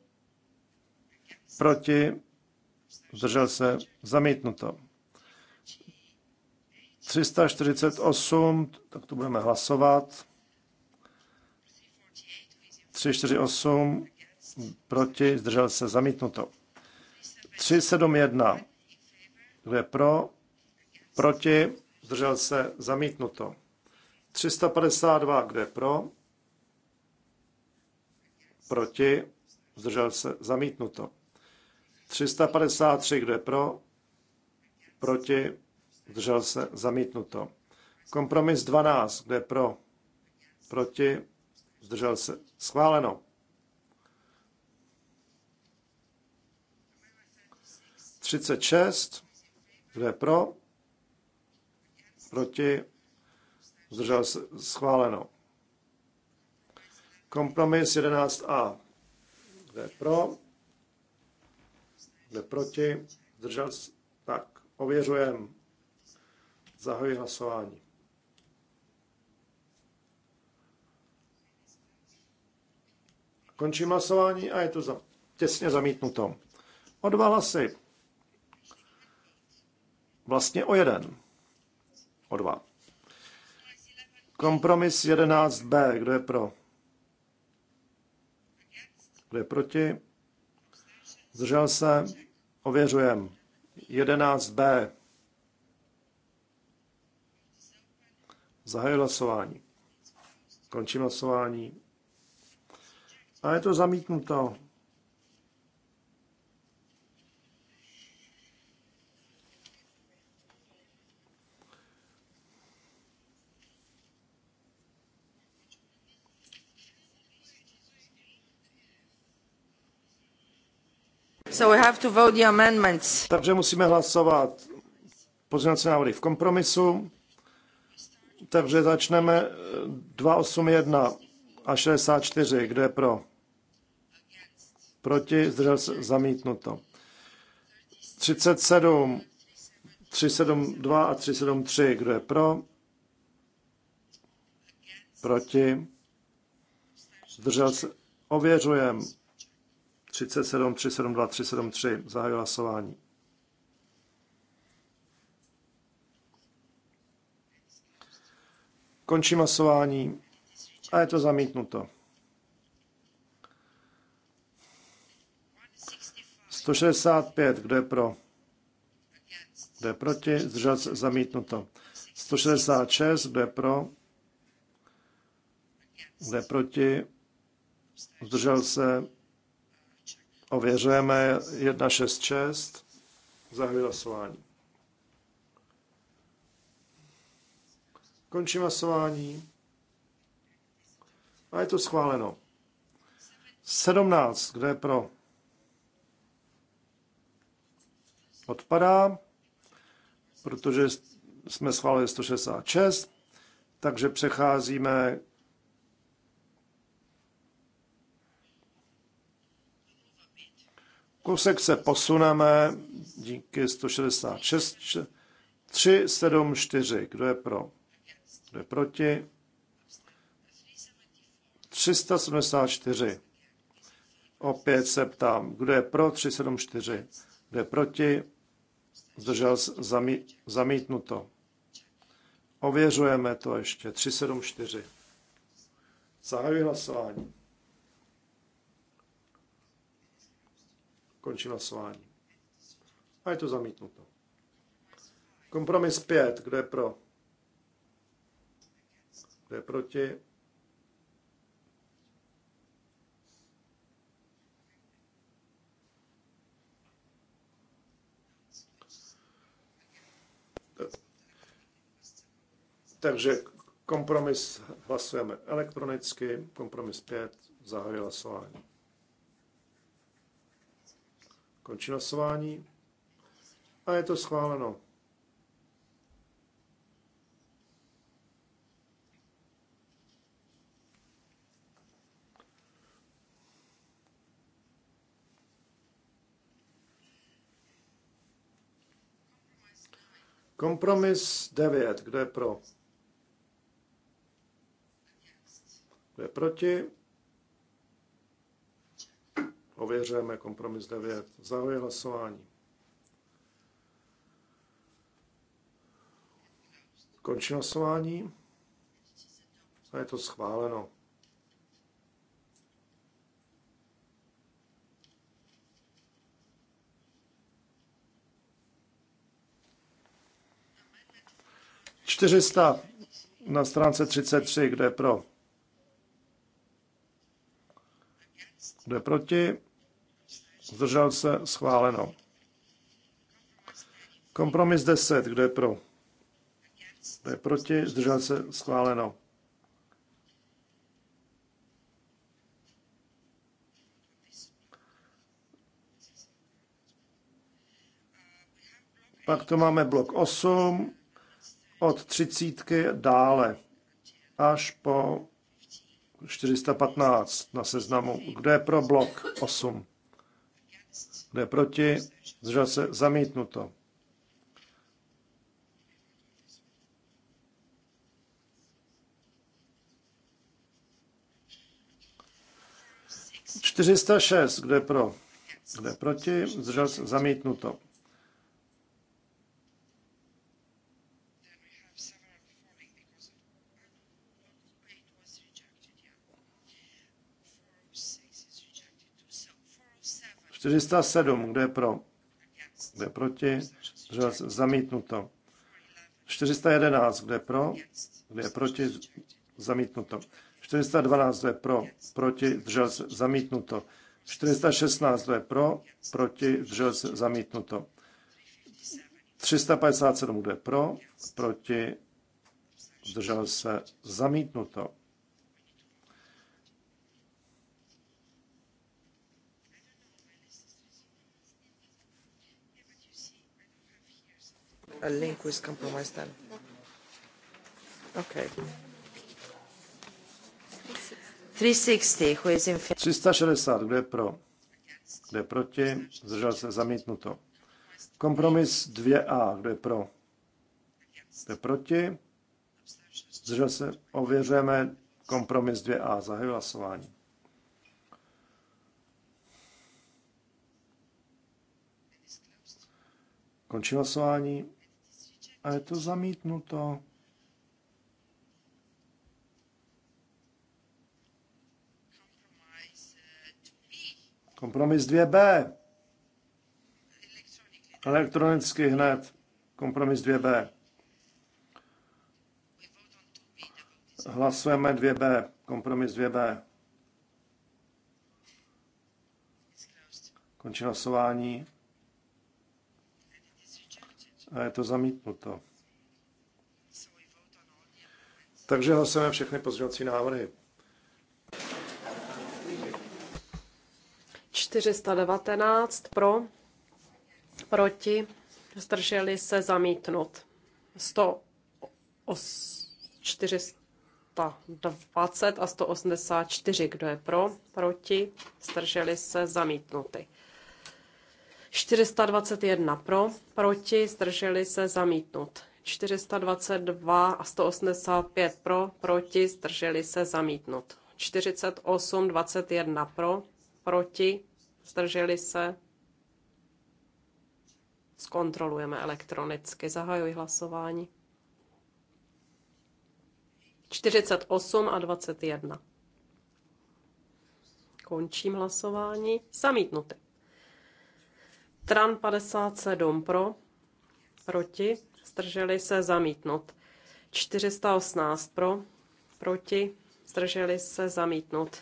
Proti zdržel se zamítnuto. 348, tak to budeme hlasovat. 348, proti, zdržel se, zamítnuto. 371, kdo je pro? Proti? Zdržel se? Zamítnuto. 352. Kdo je pro? Proti? Zdržel se? Zamítnuto. 353. Kdo je pro? Proti? Zdržel se? Zamítnuto. Kompromis 12. Kdo je pro? Proti? Zdržel se? Schváleno. Třicet šest. Kdo je pro? Proti? Zdržel se schváleno. Kompromis 11a. Kdo je pro? Kdo je proti? Zdržel se. Tak, ověřujem. Zahajuji hlasování. Končím hlasování a je to za, těsně zamítnuto. Odvala si. Vlastně o jeden. O dva. Kompromis 11b. Kdo je pro? Kdo je proti? Zdržel se? Ověřujem. 11b. Zahajuji hlasování. Končím hlasování. A je to zamítnuto. So we have to vote the amendments. Takže musíme hlasovat pozměňovací návrhy v kompromisu. Takže začneme 281 a 64. Kdo je pro? Proti? Zdržel se? Zamítnuto. 37, 372 a 373. Kdo je pro? Proti? Zdržel se? Ověřujeme. 37, 372, 373. Zahajuji hlasování. Končím hlasování a je to zamítnuto. 165, kdo je pro? Kdo je proti? Zdržel se zamítnuto. 166, kdo je pro? Kdo je proti? Zdržel se Ověřujeme 166. Zahajuji hlasování. Končím hlasování. A je to schváleno. 17. Kdo je pro? Odpadá, protože jsme schválili 166, takže přecházíme Kousek se posuneme díky 166. 3, 7, 4. Kdo je pro? Kdo je proti? 374. Opět se ptám, kdo je pro 374? Kdo je proti? Zdržel zamí, zamítnuto. Ověřujeme to ještě. 374. Zahajuji hlasování. Končím hlasování. A je to zamítnuto. Kompromis 5. Kdo je pro? Kdo je proti? Takže kompromis hlasujeme elektronicky, kompromis 5, Zahajuje hlasování. Končí hlasování. A je to schváleno. Kompromis 9. Kdo je pro? Kdo je proti? Ověřujeme kompromis 9. Zahajuji hlasování. Končí hlasování. A je to schváleno. Čtyřista na stránce 33, kde je pro. Kde je proti? zdržel se, schváleno. Kompromis 10, kdo je pro? Kdo je proti, zdržel se, schváleno. Pak to máme blok 8 od 30 dále až po 415 na seznamu. Kdo je pro blok 8? Kdo proti? Zdržel se? Zamítnuto. Čtyřista šest. kde pro? kde proti? Zdržel se? Zamítnuto. 407, kdo je pro? Kdo je proti? zamítnuto. 411, kdo je pro? Kdo je proti? Zamítnuto. 412, kdo je pro? Proti? držel se zamítnuto. 416, kdo je pro? Proti? držel se zamítnuto. 357, kdo je pro? Proti? držel se zamítnuto. a link with compromise then. Okay. 360, kdo je pro? Kdo je proti? Zdržel se zamítnuto. Kompromis 2a, kdo je pro? Kdo je proti? Zdržel se, ověřujeme kompromis 2a, zahajuji hlasování. Končím hlasování. A je to zamítnuto. Kompromis 2b. Elektronicky hned. Kompromis 2b. Hlasujeme 2b. Kompromis 2b. Končí hlasování. A je to zamítnuto. Takže hlasujeme všechny pozdělací návrhy. 419 pro, proti, zdrželi se zamítnut. 100, 420 a 184, kdo je pro, proti, zdrželi se zamítnuty. 421 pro, proti, zdrželi se zamítnut. 422 a 185 pro, proti, zdrželi se zamítnut. 48, 21 pro, proti, zdrželi se. Zkontrolujeme elektronicky. Zahajuji hlasování. 48 a 21. Končím hlasování. Samítnuty. Tran 57 pro, proti, zdrželi se zamítnout. 418 pro, proti, zdrželi se zamítnout.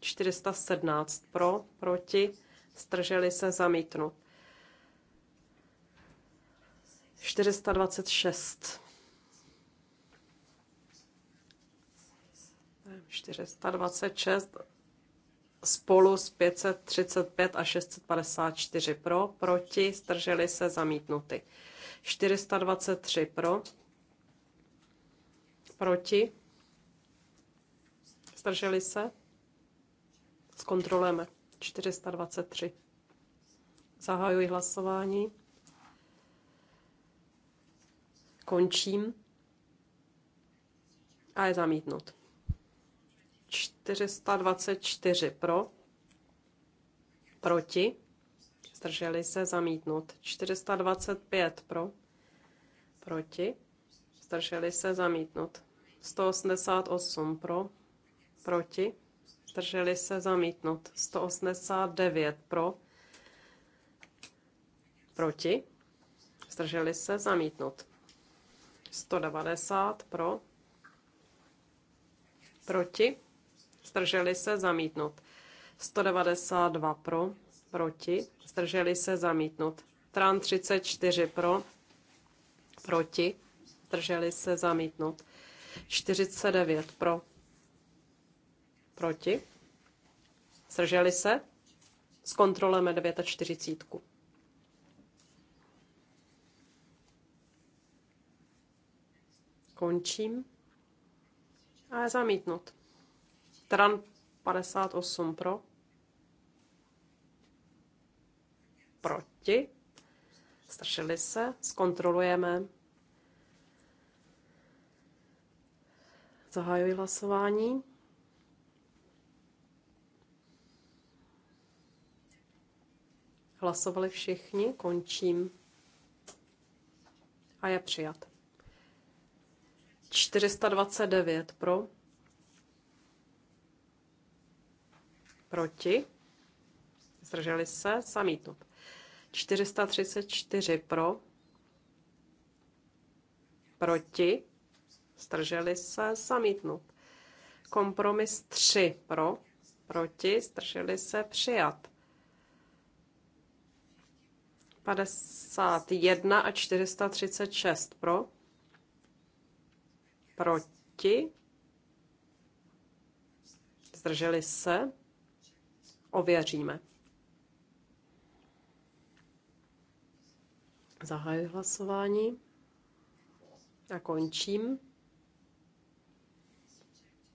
417 pro, proti, zdrželi se zamítnout. 426. 426 spolu s 535 a 654 pro, proti, strželi se zamítnuty. 423 pro, proti, strželi se, zkontrolujeme. 423. Zahajuji hlasování. Končím. A je zamítnut. 424 pro, proti, zdrželi se zamítnut. 425 pro, proti, zdrželi se zamítnut. 188 pro, proti, zdrželi se zamítnut. 189 pro, proti, zdrželi se zamítnut. 190 pro, proti, zdrželi se zamítnut. 192 pro, proti, zdrželi se zamítnut. Tran 34 pro, proti, zdrželi se zamítnut. 49 pro, proti, zdrželi se, zkontrolujeme 49. Končím. A zamítnout Tran 58 pro. Proti. Stršili se. Zkontrolujeme. Zahajuji hlasování. Hlasovali všichni, končím. A je přijat. 429 pro proti, zdrželi se, samý top. 434 pro, proti, zdrželi se, samý top. Kompromis 3 pro, proti, zdrželi se, přijat. 51 a 436 pro, proti, zdrželi se, Ověříme. Zahajuji hlasování a končím.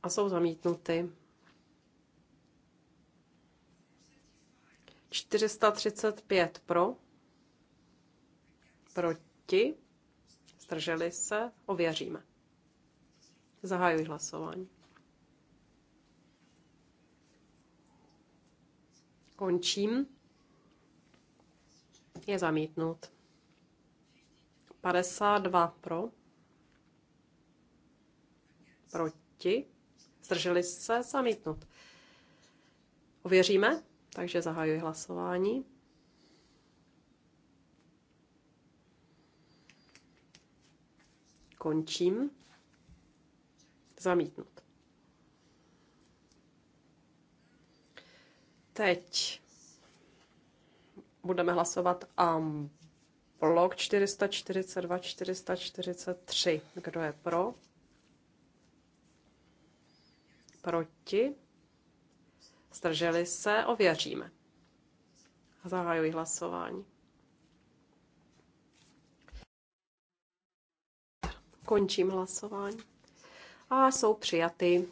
A jsou zamítnuty. 435 pro, proti, zdrželi se, ověříme. Zahajuji hlasování. Končím. Je zamítnut. 52 pro. Proti. Zdrželi se zamítnut. Ověříme, takže zahajuji hlasování. Končím. Zamítnut. Teď budeme hlasovat um, blok 442, 443. Kdo je pro? Proti? Strželi se? Ověříme. Zahajuji hlasování. Končím hlasování. A jsou přijaty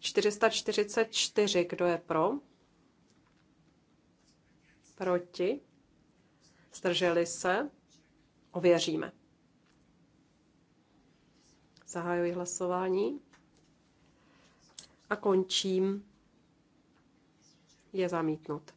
444. Kdo je pro? proti, zdrželi se, ověříme. Zahajuji hlasování a končím. Je zamítnut.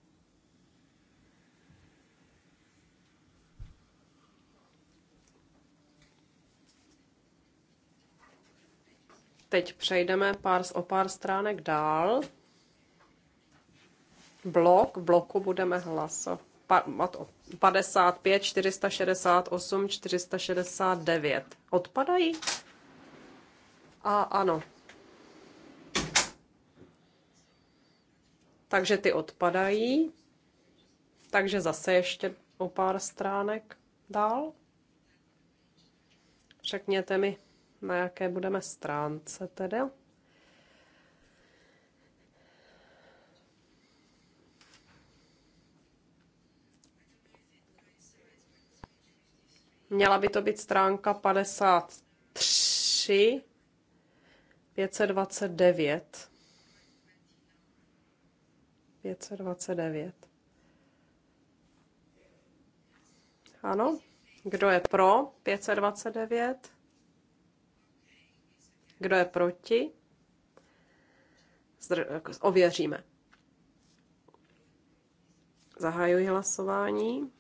Teď přejdeme pár, o pár stránek dál blok, bloku budeme hlasovat o 55, 468, 469. Odpadají? A ano. Takže ty odpadají. Takže zase ještě o pár stránek dál. Řekněte mi, na jaké budeme stránce tedy. Měla by to být stránka 53, 529. 529. Ano, kdo je pro 529? Kdo je proti? Zdr- ověříme. Zahajuji hlasování.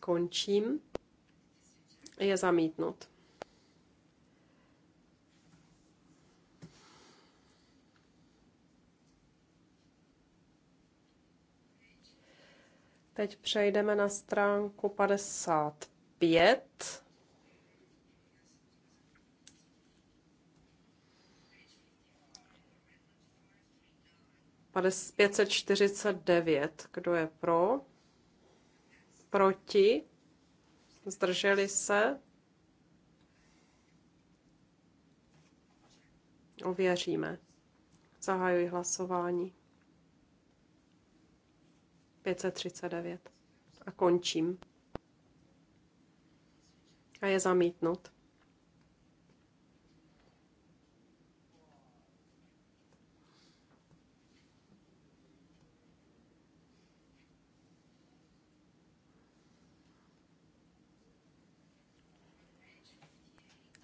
Končím. Je zamítnut. Teď přejdeme na stránku 55. Pades 549. Kdo je pro? proti, zdrželi se, ověříme. Zahajuji hlasování. 539. A končím. A je zamítnut.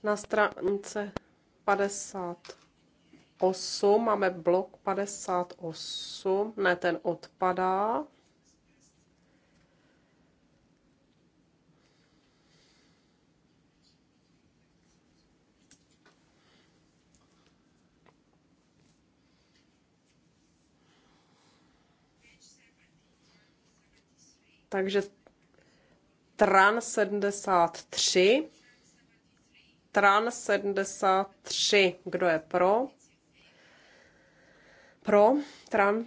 Na stránce 58 máme blok 58, ne, ten odpadá. Takže Tran 73 stran 73. Kdo je pro? Pro? Tran?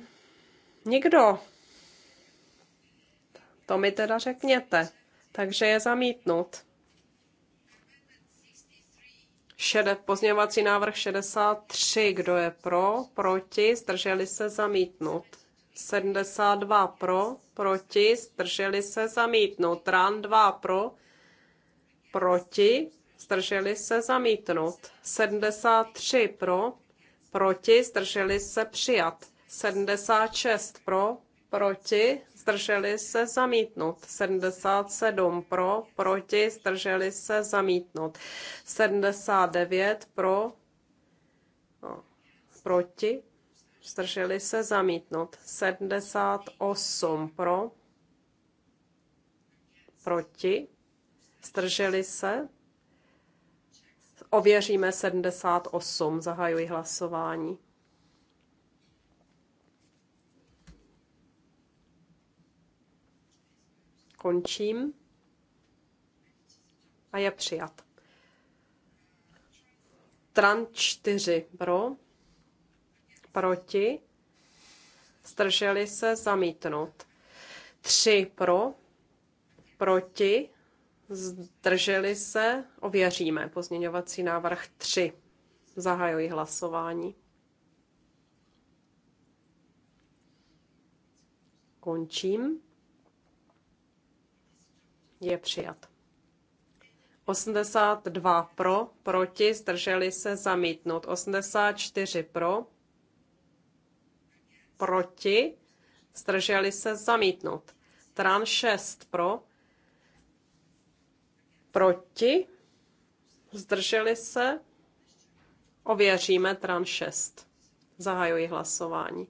Nikdo. To mi teda řekněte. Takže je zamítnut. Šede, pozněvací návrh 63. Kdo je pro? Proti? Zdrželi se zamítnut. 72 pro, proti, zdrželi se zamítnout. Rán 2 pro, proti, zdrželi se zamítnout. 73 pro, proti, zdrželi se přijat. 76 pro, proti, zdrželi se zamítnout. 77 pro, proti, zdrželi se zamítnout. 79 pro, no, proti, zdrželi se zamítnout. 78 pro, proti, zdrželi se Ověříme 78, zahajuji hlasování. Končím. A je přijat. Tran 4 pro, proti, strželi se zamítnout. 3 pro, proti, Zdrželi se? Ověříme. Pozměňovací návrh 3. Zahajuji hlasování. Končím. Je přijat. 82 pro, proti, zdrželi se zamítnout. 84 pro, proti, zdrželi se zamítnout. Tran 6 pro, Proti? Zdrželi se? Ověříme tran 6. Zahajuji hlasování.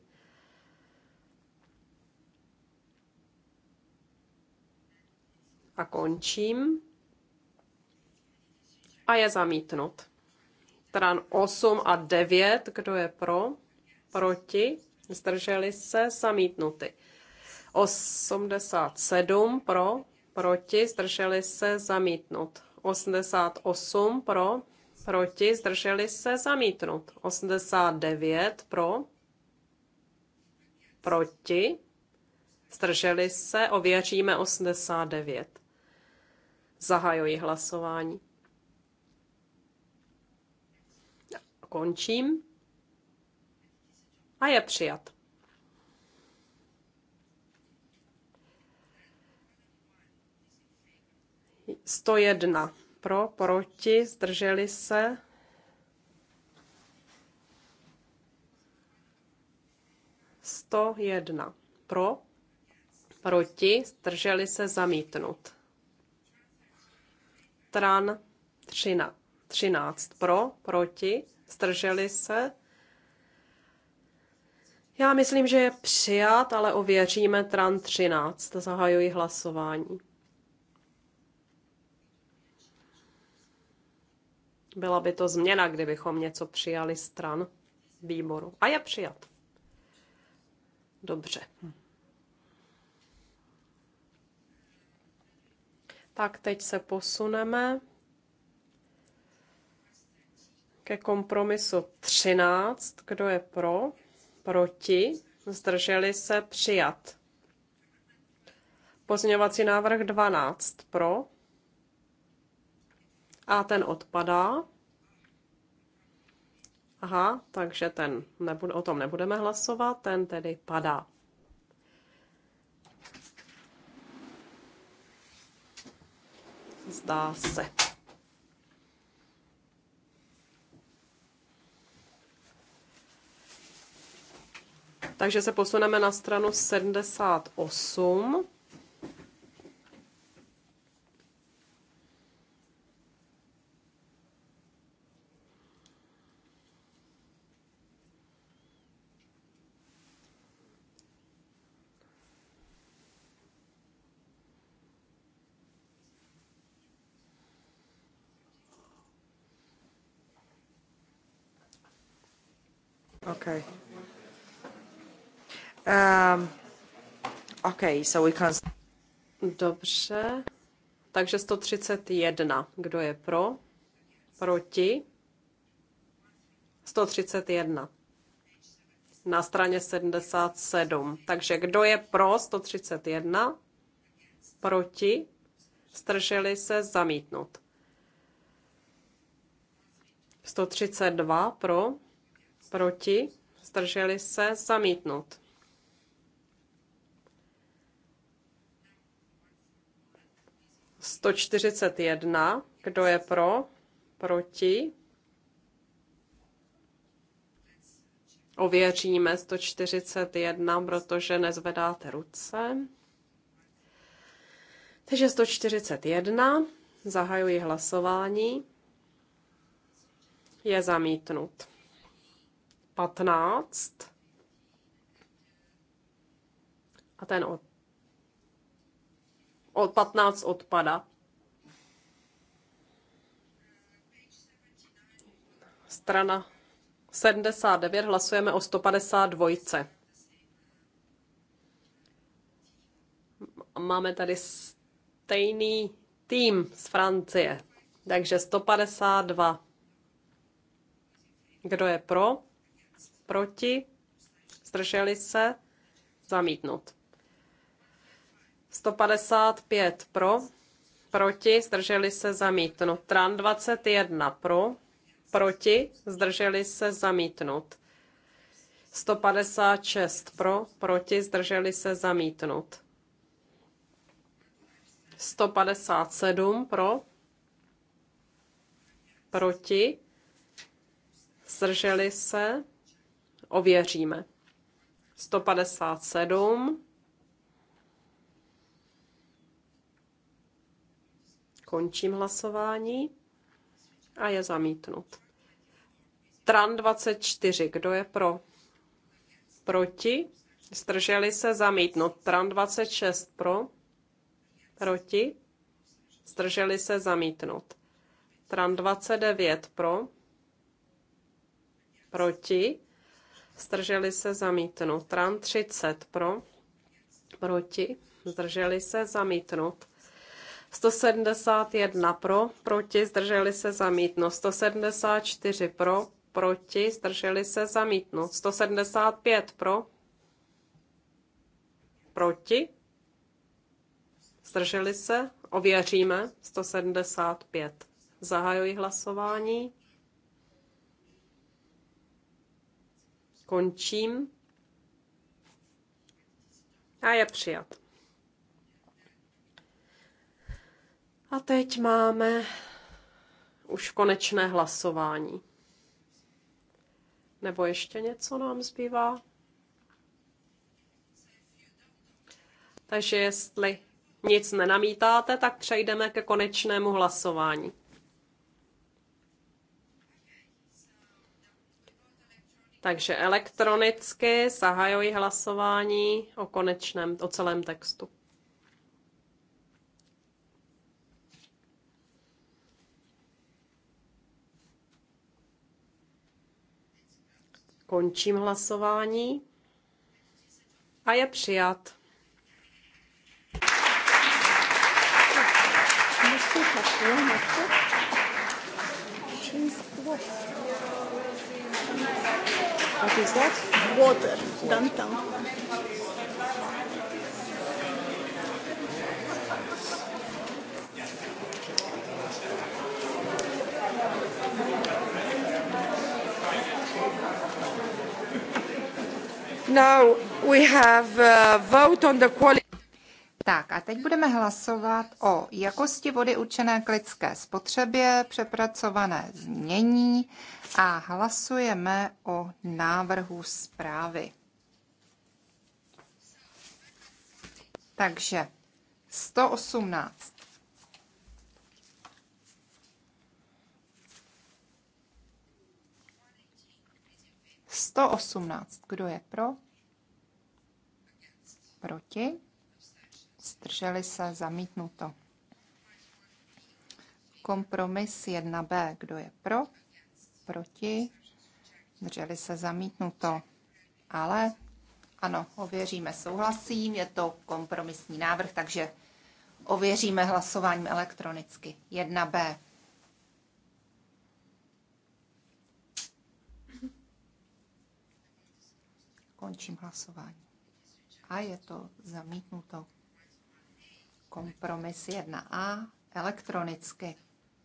A končím. A je zamítnut. Tran 8 a 9, kdo je pro? Proti? Zdrželi se? Zamítnuty. 87 pro? proti, zdrželi se, zamítnut. 88 pro, proti, zdrželi se, zamítnut. 89 pro, proti, zdrželi se, ověříme 89. Zahajuji hlasování. Končím. A je přijat. 101 pro, proti, zdrželi se. Sto jedna pro, proti, zdrželi se zamítnut. Tran třina třináct pro, proti, zdrželi se. Já myslím, že je přijat, ale ověříme Tran 13. Zahajuji hlasování. Byla by to změna, kdybychom něco přijali stran výboru. A je přijat. Dobře. Tak teď se posuneme ke kompromisu 13. Kdo je pro? Proti? Zdrželi se přijat. Pozměňovací návrh 12 pro, a ten odpadá. Aha, takže ten nebude, o tom nebudeme hlasovat, ten tedy padá. Zdá se. Takže se posuneme na stranu 78. Okay. Um, okay, so we can... Dobře. Takže 131. Kdo je pro? Proti? 131. Na straně 77. Takže kdo je pro 131? Proti? Strželi se zamítnout. 132 pro, proti, zdrželi se, zamítnout. Sto čtyřicet jedna, kdo je pro, proti. Ověříme 141, protože nezvedáte ruce. Takže 141, zahajuji hlasování, je zamítnut. 15 a ten od, od 15 odpada. Strana 79, hlasujeme o 152. Máme tady stejný tým z Francie, takže 152. Kdo je pro? proti, zdrželi se, zamítnut. 155 pro, proti, zdrželi se, zamítnut. Tran 21 pro, proti, zdrželi se, zamítnut. 156 pro, proti, zdrželi se, zamítnut. 157 pro, proti, zdrželi se, Ověříme. 157. Končím hlasování a je zamítnut. Tran 24, kdo je pro? Proti? Zdrželi se zamítnout. Tran 26 pro? Proti? Zdrželi se zamítnout. Tran 29 pro? Proti? zdrželi se zamítnout. Tran 30 pro, proti, zdrželi se zamítnout. 171 pro, proti, zdrželi se zamítnout. 174 pro, proti, zdrželi se zamítnout. 175 pro, proti, zdrželi se, ověříme, 175. Zahajuji hlasování. Končím. A je přijat. A teď máme už konečné hlasování. Nebo ještě něco nám zbývá? Takže jestli nic nenamítáte, tak přejdeme ke konečnému hlasování. Takže elektronicky zahajuji hlasování o konečném, o celém textu. Končím hlasování a je přijat. you. What is that? Water, downtown. Now we have a uh, vote on the quality tak a teď budeme hlasovat o jakosti vody určené k lidské spotřebě, přepracované znění a hlasujeme o návrhu zprávy. Takže 118. Sto osmnáct. Kdo je pro? Proti? zdrželi se, zamítnuto. Kompromis 1b, kdo je pro, proti, zdrželi se, zamítnuto. Ale ano, ověříme, souhlasím, je to kompromisní návrh, takže ověříme hlasováním elektronicky. 1b. Končím hlasování. A je to zamítnuto. Kompromis 1a elektronicky.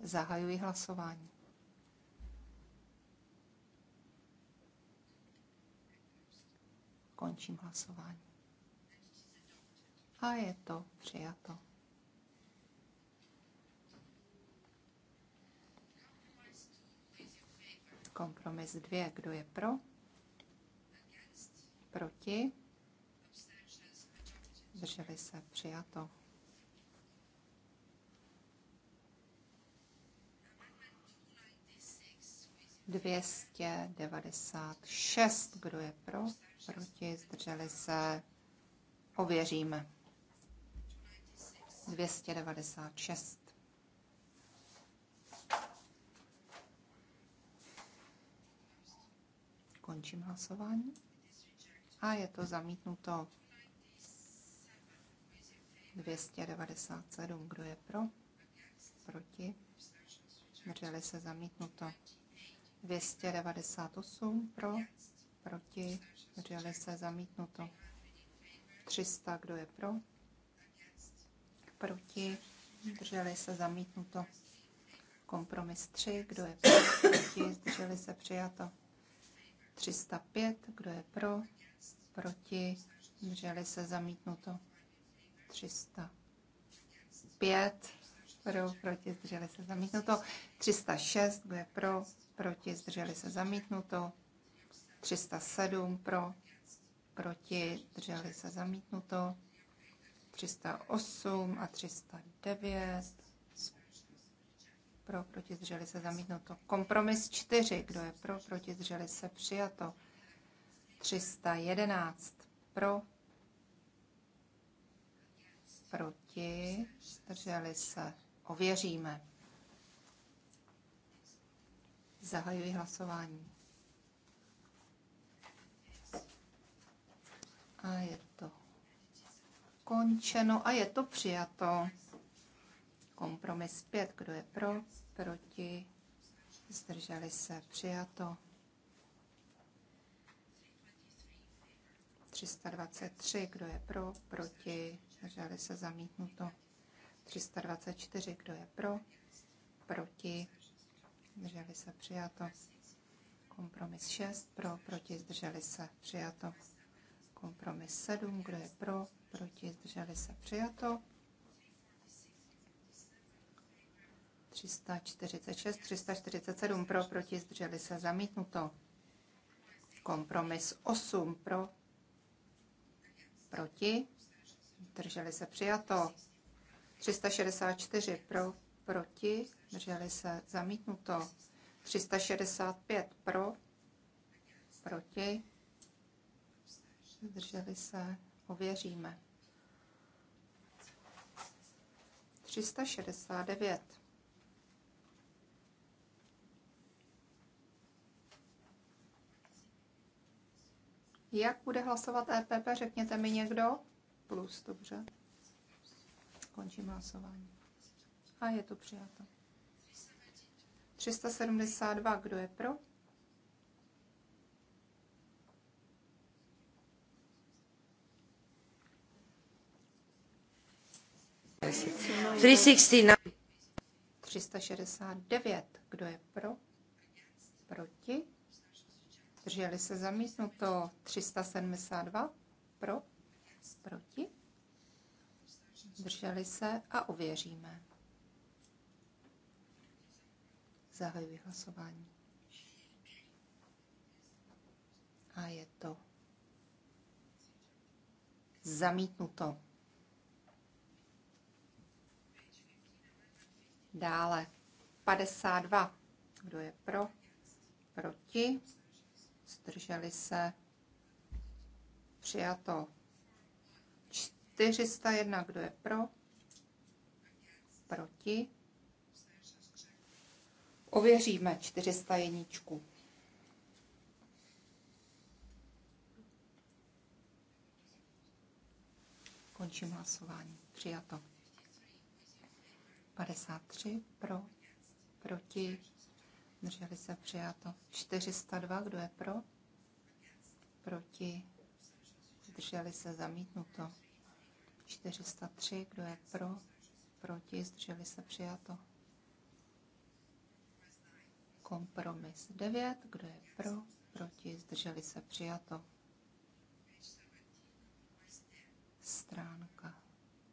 Zahajuji hlasování. Končím hlasování. A je to přijato. Kompromis 2. Kdo je pro? Proti? Drželi se přijato. 296. Kdo je pro? Proti? Zdrželi se? Ověříme. 296. Končím hlasování. A je to zamítnuto. 297. Kdo je pro? Proti? zdrželi se zamítnuto. 298 pro, proti, drželi se zamítnuto. 300, kdo je pro, proti, drželi se zamítnuto. Kompromis 3, kdo je pro, proti, zdrželi se přijato. 305, kdo je pro, proti, drželi se zamítnuto. 305, pro, proti, zdrželi se zamítnuto. 306, kdo je pro, proti, zdrželi se zamítnuto. 307 pro, proti, zdrželi se zamítnuto. 308 a 309 pro, proti, zdrželi se zamítnuto. Kompromis 4, kdo je pro, proti, zdrželi se přijato. 311 pro, proti, zdrželi se ověříme. Zahajuji hlasování. A je to končeno a je to přijato. Kompromis 5. Kdo je pro? Proti? Zdrželi se? Přijato. 323. Kdo je pro? Proti? Zdrželi se? Zamítnuto. 324, kdo je pro, proti, zdrželi se přijato. Kompromis 6, pro, proti, zdrželi se přijato. Kompromis 7, kdo je pro, proti, zdrželi se přijato. 346, 347 pro, proti, zdrželi se zamítnuto. Kompromis 8 pro, proti, zdrželi se přijato. 364 pro, proti, drželi se zamítnuto. 365 pro, proti, zdrželi se, ověříme. 369. Jak bude hlasovat EPP, řekněte mi někdo? Plus, dobře. Končím hlasování. A je to přijato. 372, kdo je pro? Tři 369, kdo je pro? Proti? Drželi se zamítnuto 372, pro? Proti? zdrželi se a ověříme. Zahajuji hlasování. A je to zamítnuto. Dále 52. Kdo je pro? Proti? Zdrželi se? Přijato. 401, kdo je pro? Proti? Ověříme 401. Končím hlasování. Přijato. 53 pro, proti, drželi se přijato. 402, kdo je pro? Proti, drželi se zamítnuto. 403, kdo je pro, proti, zdrželi se přijato. Kompromis 9, kdo je pro, proti, zdrželi se přijato. Stránka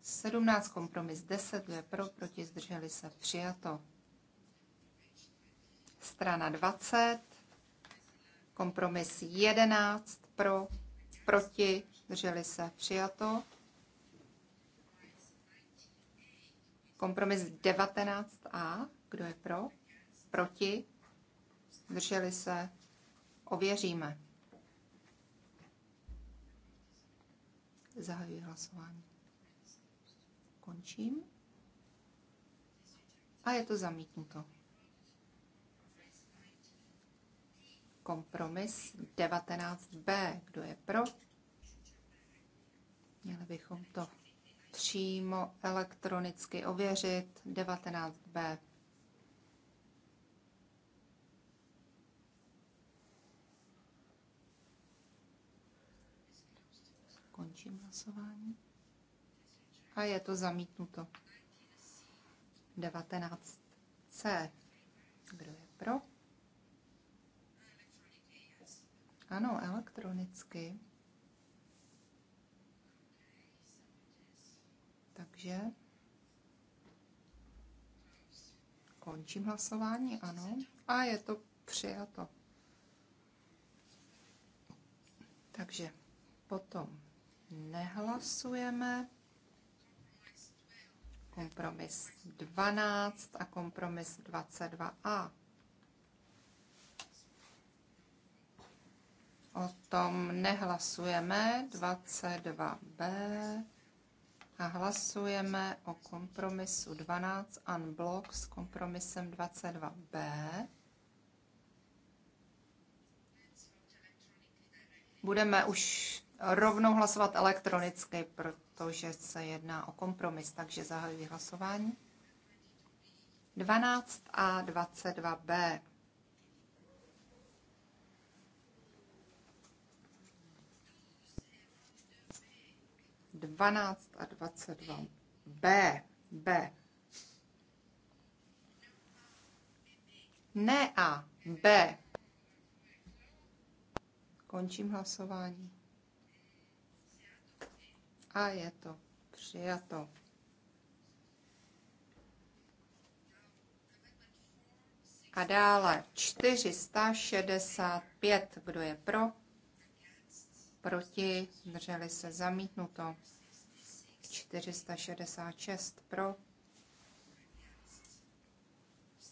17, kompromis 10, kdo je pro, proti, zdrželi se přijato. Strana 20, kompromis 11, pro, proti, zdrželi se přijato. Kompromis 19a. Kdo je pro? Proti? Zdrželi se? Ověříme. Zahajuji hlasování. Končím. A je to zamítnuto. Kompromis 19b. Kdo je pro? Měli bychom to přímo elektronicky ověřit 19b. Končím hlasování. A je to zamítnuto. 19c. Kdo je pro? Ano, elektronicky. Takže končím hlasování, ano. A je to přijato. Takže potom nehlasujeme. Kompromis 12 a kompromis 22a. O tom nehlasujeme. 22b a hlasujeme o kompromisu 12 unblock s kompromisem 22b. Budeme už rovnou hlasovat elektronicky, protože se jedná o kompromis, takže zahajuji hlasování. 12 a 22b. 12 a 22. B. B. Ne A. B. Končím hlasování. A je to přijato. A dále 465. Kdo je pro? proti, drželi se zamítnuto. 466 pro,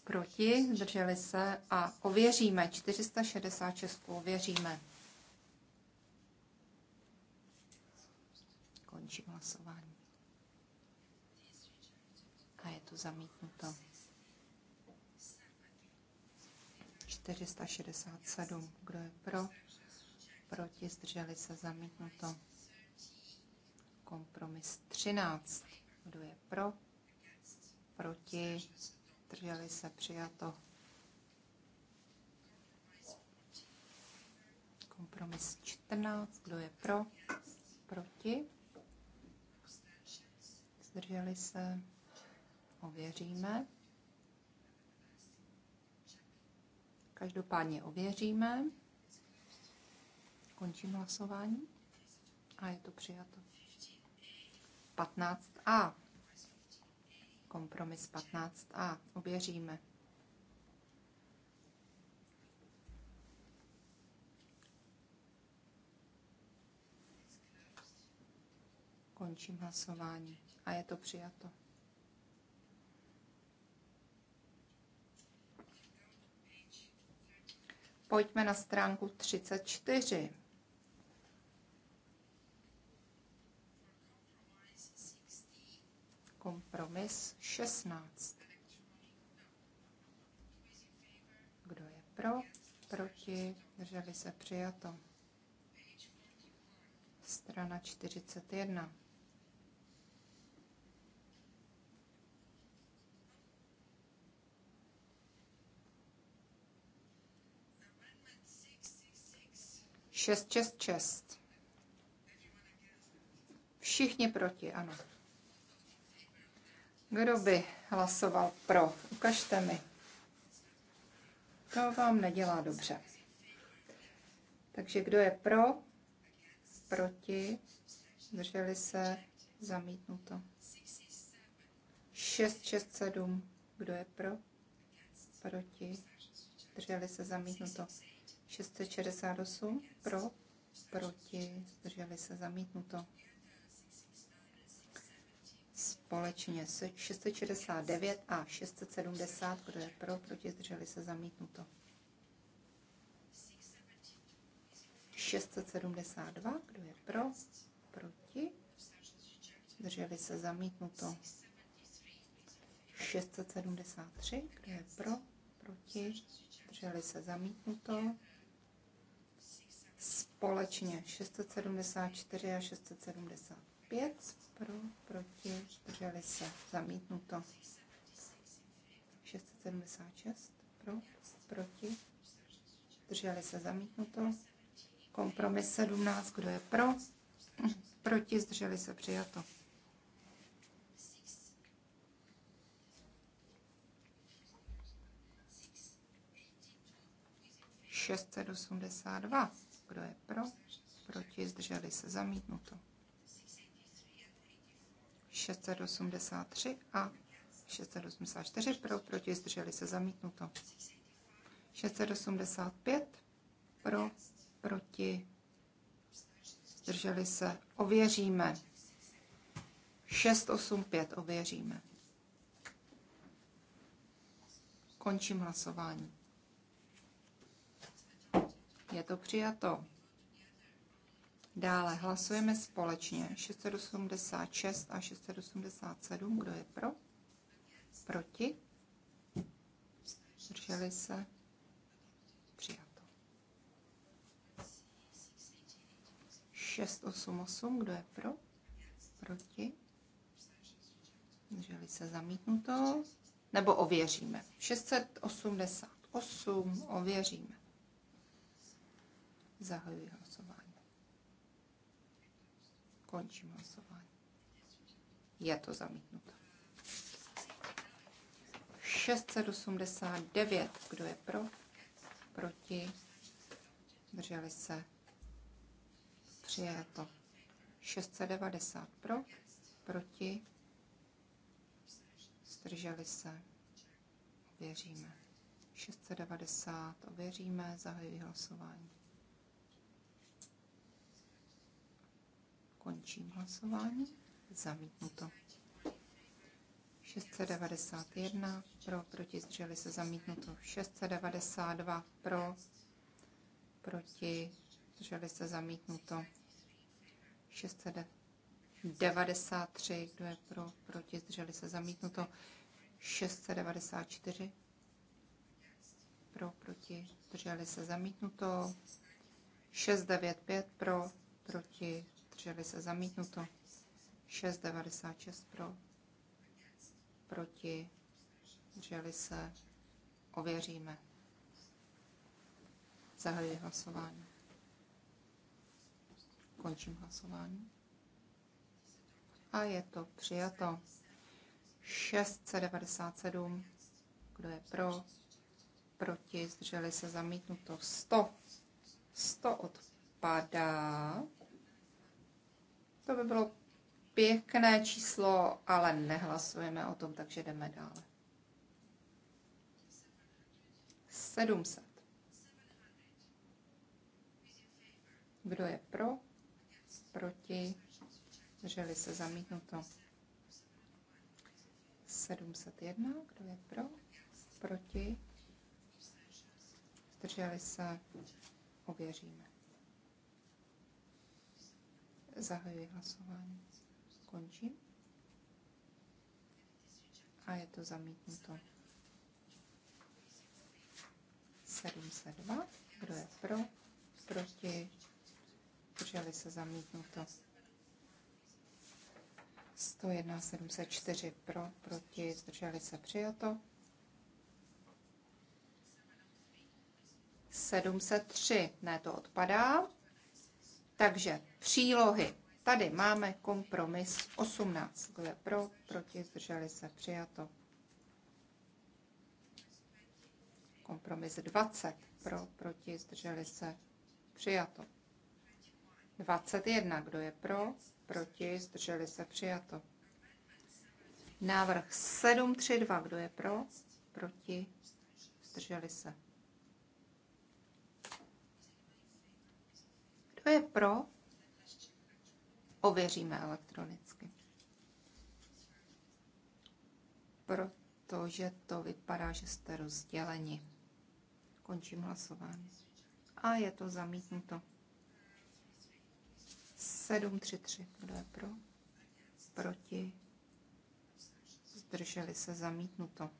proti, drželi se a ověříme. 466 ověříme. Končím hlasování. A je to zamítnuto. 467. Kdo je pro? proti, zdrželi se zamítnuto. Kompromis 13. Kdo je pro, proti, zdrželi se přijato. Kompromis 14. Kdo je pro, proti, zdrželi se, ověříme. Každopádně ověříme. Končím hlasování a je to přijato. 15a. Kompromis 15a. Ověříme. Končím hlasování a je to přijato. Pojďme na stránku 34. kompromis 16. Kdo je pro? Proti? Drželi se přijato. Strana 41. Šest, šest, šest. Všichni proti, ano. Kdo by hlasoval pro? Ukažte mi. To vám nedělá dobře. Takže kdo je pro? Proti? Drželi se? Zamítnuto. 6, 6, 7. Kdo je pro? Proti? Drželi se? Zamítnuto. 668. Pro? Proti? Drželi se? Zamítnuto společně 669 a 670, kdo je pro, proti zdrželi se zamítnuto. 672, kdo je pro, proti, zdrželi se zamítnuto. 673, kdo je pro, proti, zdrželi se zamítnuto. Společně 674 a 670. 5 pro, proti, zdrželi se, zamítnuto. 676 pro, proti, zdrželi se, zamítnuto. Kompromis 17, kdo je pro, proti, zdrželi se, přijato. Šestset osmdesát dva. Kdo je pro? Proti zdrželi se zamítnuto. 683 a 684 pro, proti zdrželi se zamítnuto. 685 pro, proti zdrželi se. Ověříme. 685 ověříme. Končím hlasování. Je to přijato. Dále hlasujeme společně 686 a 687. Kdo je pro? Proti? Zdrželi se? Přijato. 688. Kdo je pro? Proti? Zdrželi se zamítnuto? Nebo ověříme. 688 ověříme. Zahajuji hlasování. Končím hlasování. Je to zamítnuto. 689. Kdo je pro? Proti? Drželi se? Přijato. 690 pro? Proti? Zdrželi se? Ověříme. 690 ověříme, zahajuji hlasování. Končím hlasování. Zamítnuto. 691 pro, proti zdrželi se zamítnuto. 692 pro, proti zdrželi se zamítnuto. 693, kdo je pro, proti zdrželi se zamítnuto. 694 pro, proti zdrželi se zamítnuto. 695 pro, proti zdrželi se zamítnuto. 6,96 pro, proti, zdrželi se, ověříme. Zahajuji hlasování. Končím hlasování. A je to přijato. 697. Kdo je pro? Proti, zdrželi se zamítnuto. 100. 100 odpadá. To by bylo pěkné číslo, ale nehlasujeme o tom, takže jdeme dále. 700. Kdo je pro? Proti? Drželi se zamítnuto. 701. Kdo je pro? Proti? Drželi se? Ověříme. Zahajuji hlasování. Končím. A je to zamítnuto. 702. Kdo je pro? Proti? Drželi se zamítnuto. 101 704 pro, proti, zdrželi se přijato. 703, ne, to odpadá. Takže přílohy. Tady máme kompromis 18. Kdo je pro, proti, zdrželi se, přijato. Kompromis 20. Pro, proti, zdrželi se, přijato. 21. Kdo je pro, proti, zdrželi se, přijato. Návrh 732. Kdo je pro, proti, zdrželi se, Kdo je pro? Ověříme elektronicky. Protože to vypadá, že jste rozděleni. Končím hlasování. A je to zamítnuto. 733. Kdo je pro? Proti? Zdrželi se zamítnuto.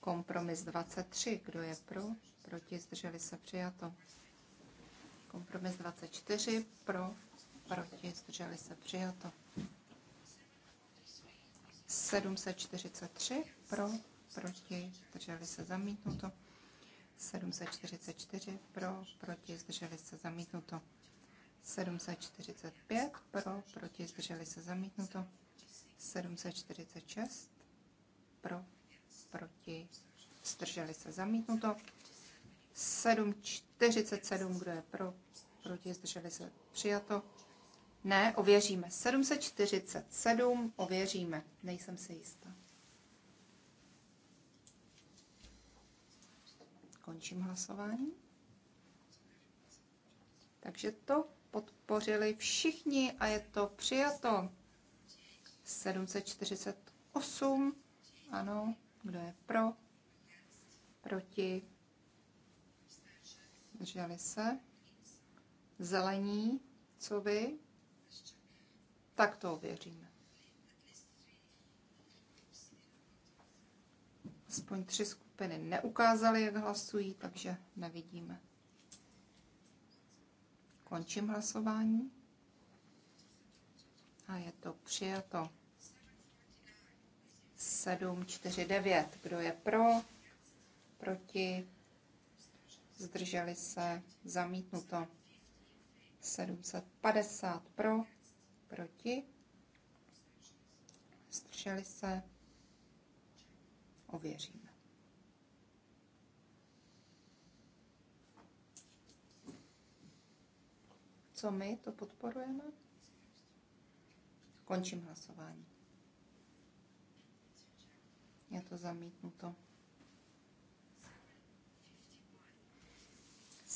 Kompromis 23. Kdo je pro? Proti? Zdrželi se přijato. Kompromis 24 pro, proti, zdrželi se přijato. 743 pro, proti, zdrželi se zamítnuto. 744 pro, proti, zdrželi se zamítnuto. 745 pro, proti, zdrželi se zamítnuto. 746 pro, proti, zdrželi se zamítnuto. 747, kdo je pro, proti, zdrželi se, přijato. Ne, ověříme. 747, ověříme. Nejsem si jistá. Končím hlasování. Takže to podpořili všichni a je to přijato. 748, ano, kdo je pro, proti, zdrželi se. Zelení, co vy? Tak to ověříme. Aspoň tři skupiny neukázaly, jak hlasují, takže nevidíme. Končím hlasování. A je to přijato. 9. Kdo je pro? Proti? zdrželi se, zamítnuto. 750 pro, proti, zdrželi se, ověříme. Co my to podporujeme? Končím hlasování. Je to zamítnuto.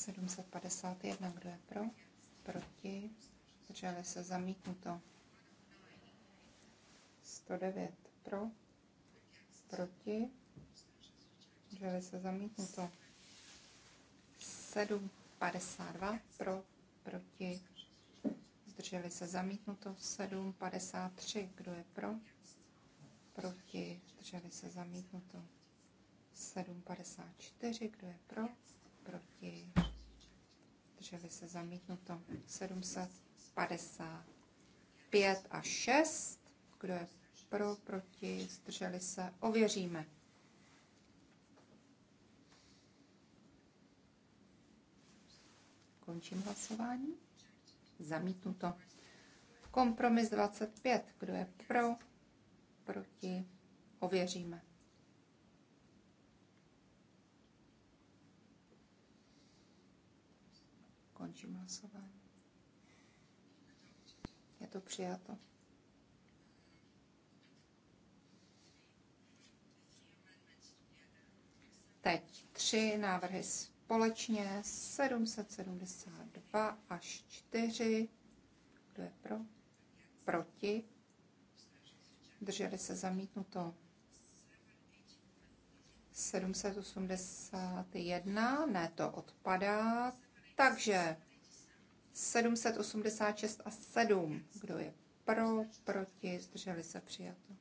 751, kdo je pro, proti, zdrželi se zamítnuto. 109 pro, proti, zdrželi se zamítnuto. 752 pro, proti, zdrželi se zamítnuto. 753, kdo je pro, proti, zdrželi se zamítnuto. 754, kdo je pro, proti, zdrželi se zamítnuto 755 a 6. Kdo je pro, proti, zdrželi se, ověříme. Končím hlasování. Zamítnuto. Kompromis 25. Kdo je pro, proti, ověříme. Končím hlasování. Je to přijato. Teď tři návrhy společně 772 až 4. Kdo je pro? Proti? Drželi se zamítnuto. 781, ne, to odpadá, takže 786 a 7. Kdo je pro, proti, zdrželi se přijato.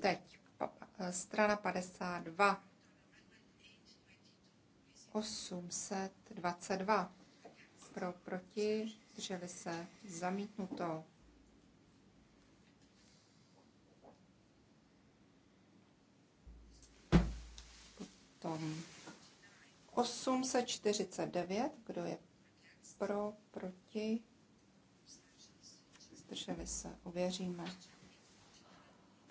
Teď strana 52. 822. Pro, proti, zdrželi se, zamítnuto. potom 849, kdo je pro, proti, zdrželi se, ověříme.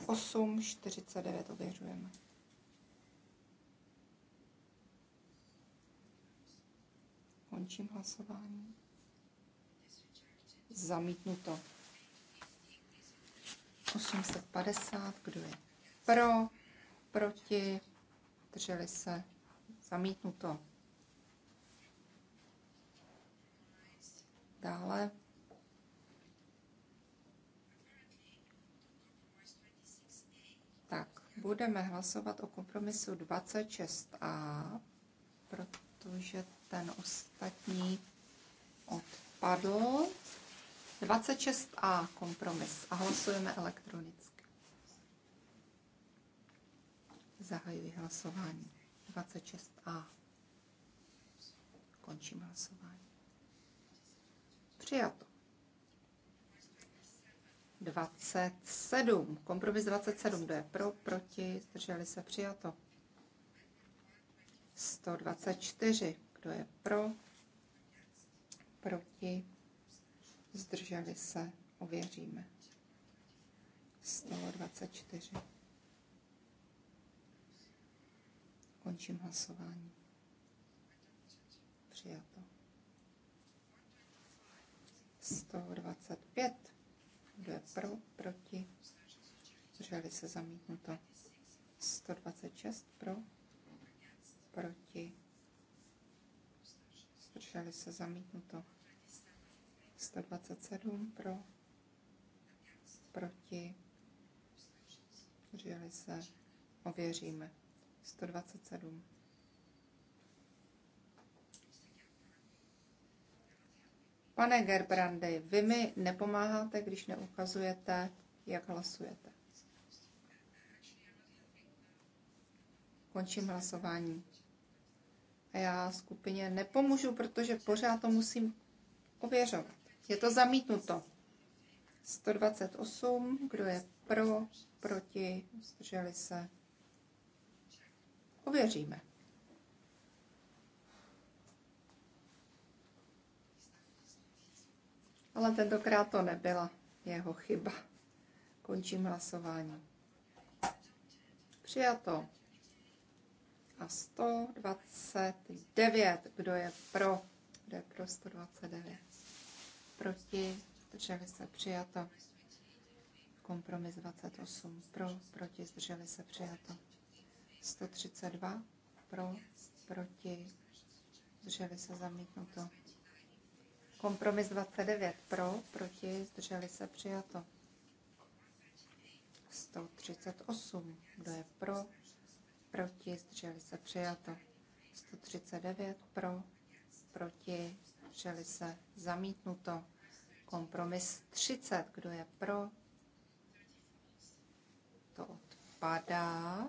849 ověřujeme. Končím hlasování. Zamítnuto. 850, kdo je pro, proti, zdrželi se, zamítnuto. Dále Tak, budeme hlasovat o kompromisu 26a, protože ten ostatní odpadl. 26a kompromis a hlasujeme elektronicky. Zahajuji hlasování. 26a. Končím hlasování. Přijato. 27. Kompromis 27. Kdo je pro, proti, zdrželi se, přijato. 124. Kdo je pro, proti, zdrželi se, ověříme. 124. Končím hlasování. Přijato. 125. Kdo je pro, proti? Drželi se zamítnuto. 126 pro, proti. Zdrželi se zamítnuto. 127 pro, proti. Drželi se. Ověříme. 127. Pane Gerbrandy, vy mi nepomáháte, když neukazujete, jak hlasujete. Končím hlasování. A já skupině nepomůžu, protože pořád to musím ověřovat. Je to zamítnuto. 128, kdo je pro, proti, zdrželi se, Ověříme. Ale tentokrát to nebyla jeho chyba. Končím hlasování. Přijato. A 129. Kdo je pro? Kdo je pro 129? Proti? Zdrželi se přijato. Kompromis 28. Pro? Proti? Zdrželi se přijato. 132 pro, proti, zdrželi se zamítnuto. Kompromis 29 pro, proti, zdrželi se přijato. 138, kdo je pro, proti, zdrželi se přijato. 139 pro, proti, zdrželi se zamítnuto. Kompromis 30, kdo je pro, to odpadá.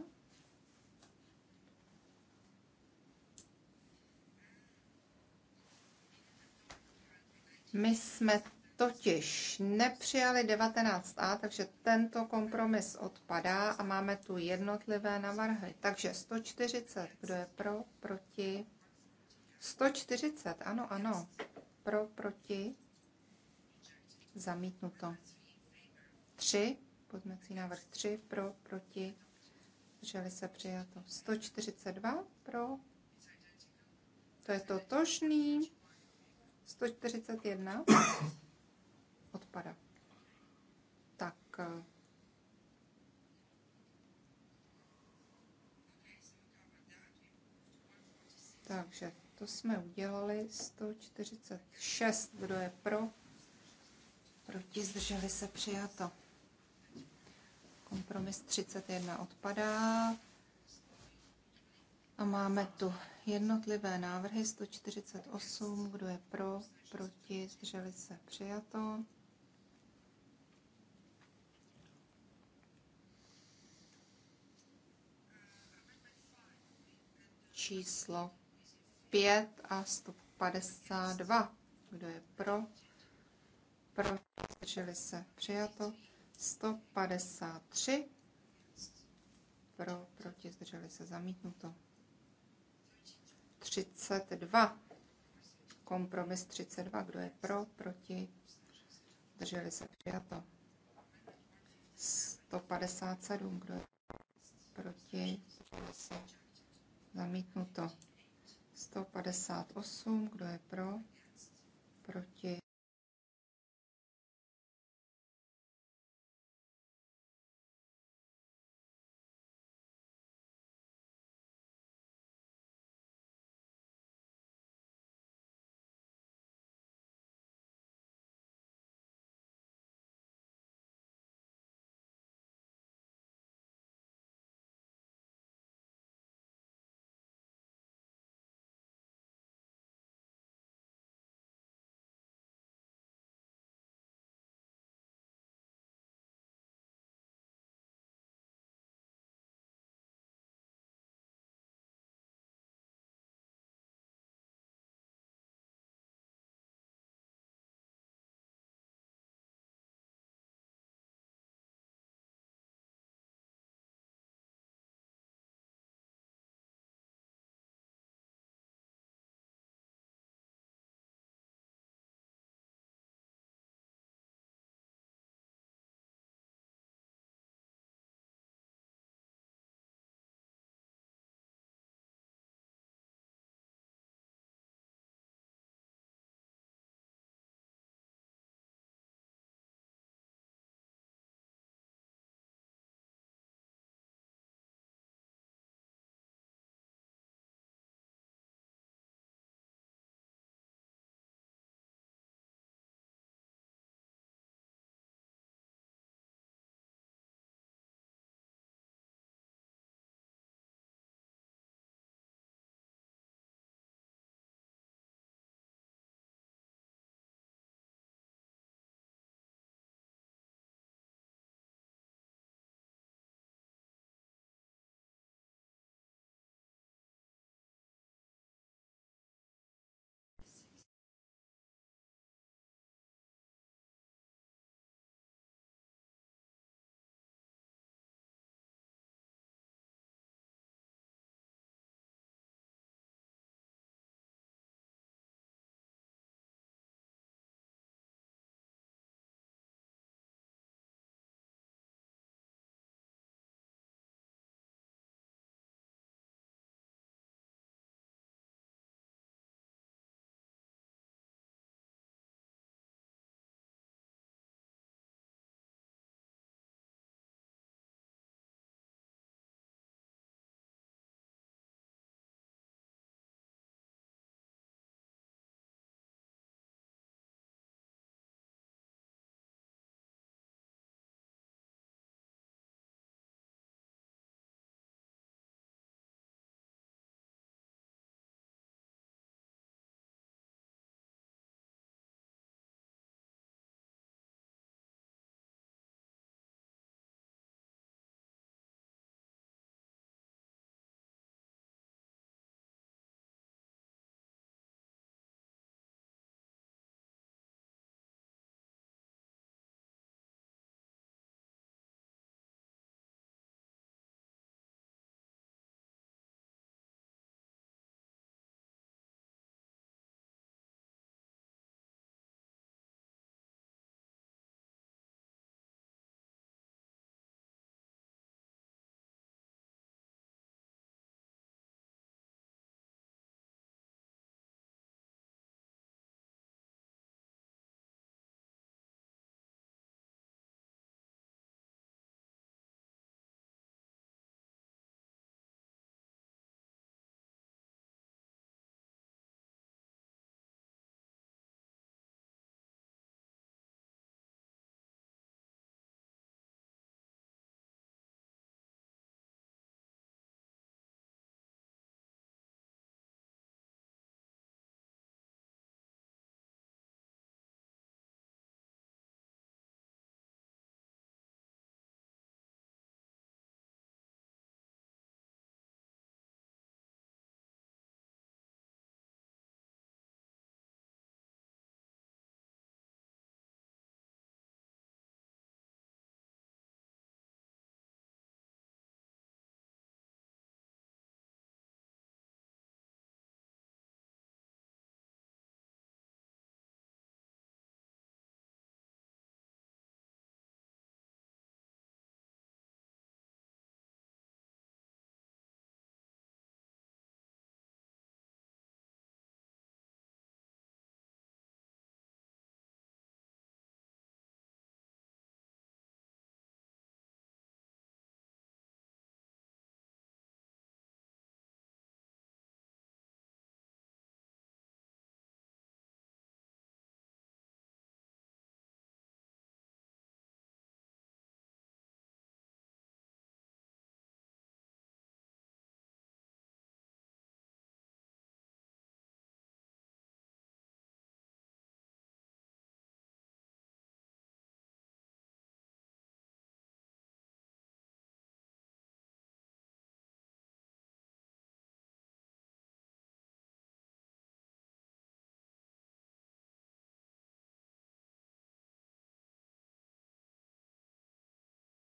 My jsme totiž nepřijali 19a, takže tento kompromis odpadá a máme tu jednotlivé navrhy. Takže 140, kdo je pro, proti? 140, ano, ano. Pro, proti? Zamítnuto. 3, podmecí návrh 3, pro, proti? Drželi se přijato. 142, pro? To je totožný. 141 odpada. Tak. Eh, takže to jsme udělali. 146. Kdo je pro? Proti zdrželi se přijato. Kompromis 31 odpadá. A máme tu jednotlivé návrhy 148, kdo je pro, proti, zdrželi se, přijato. Číslo 5 a 152, kdo je pro, proti, zdrželi se, přijato. 153, pro, proti, zdrželi se, zamítnuto. 32. Kompromis 32. Kdo je pro, proti, drželi se přijato. 157. Kdo je proti, zamítnuto. 158. Kdo je pro, proti,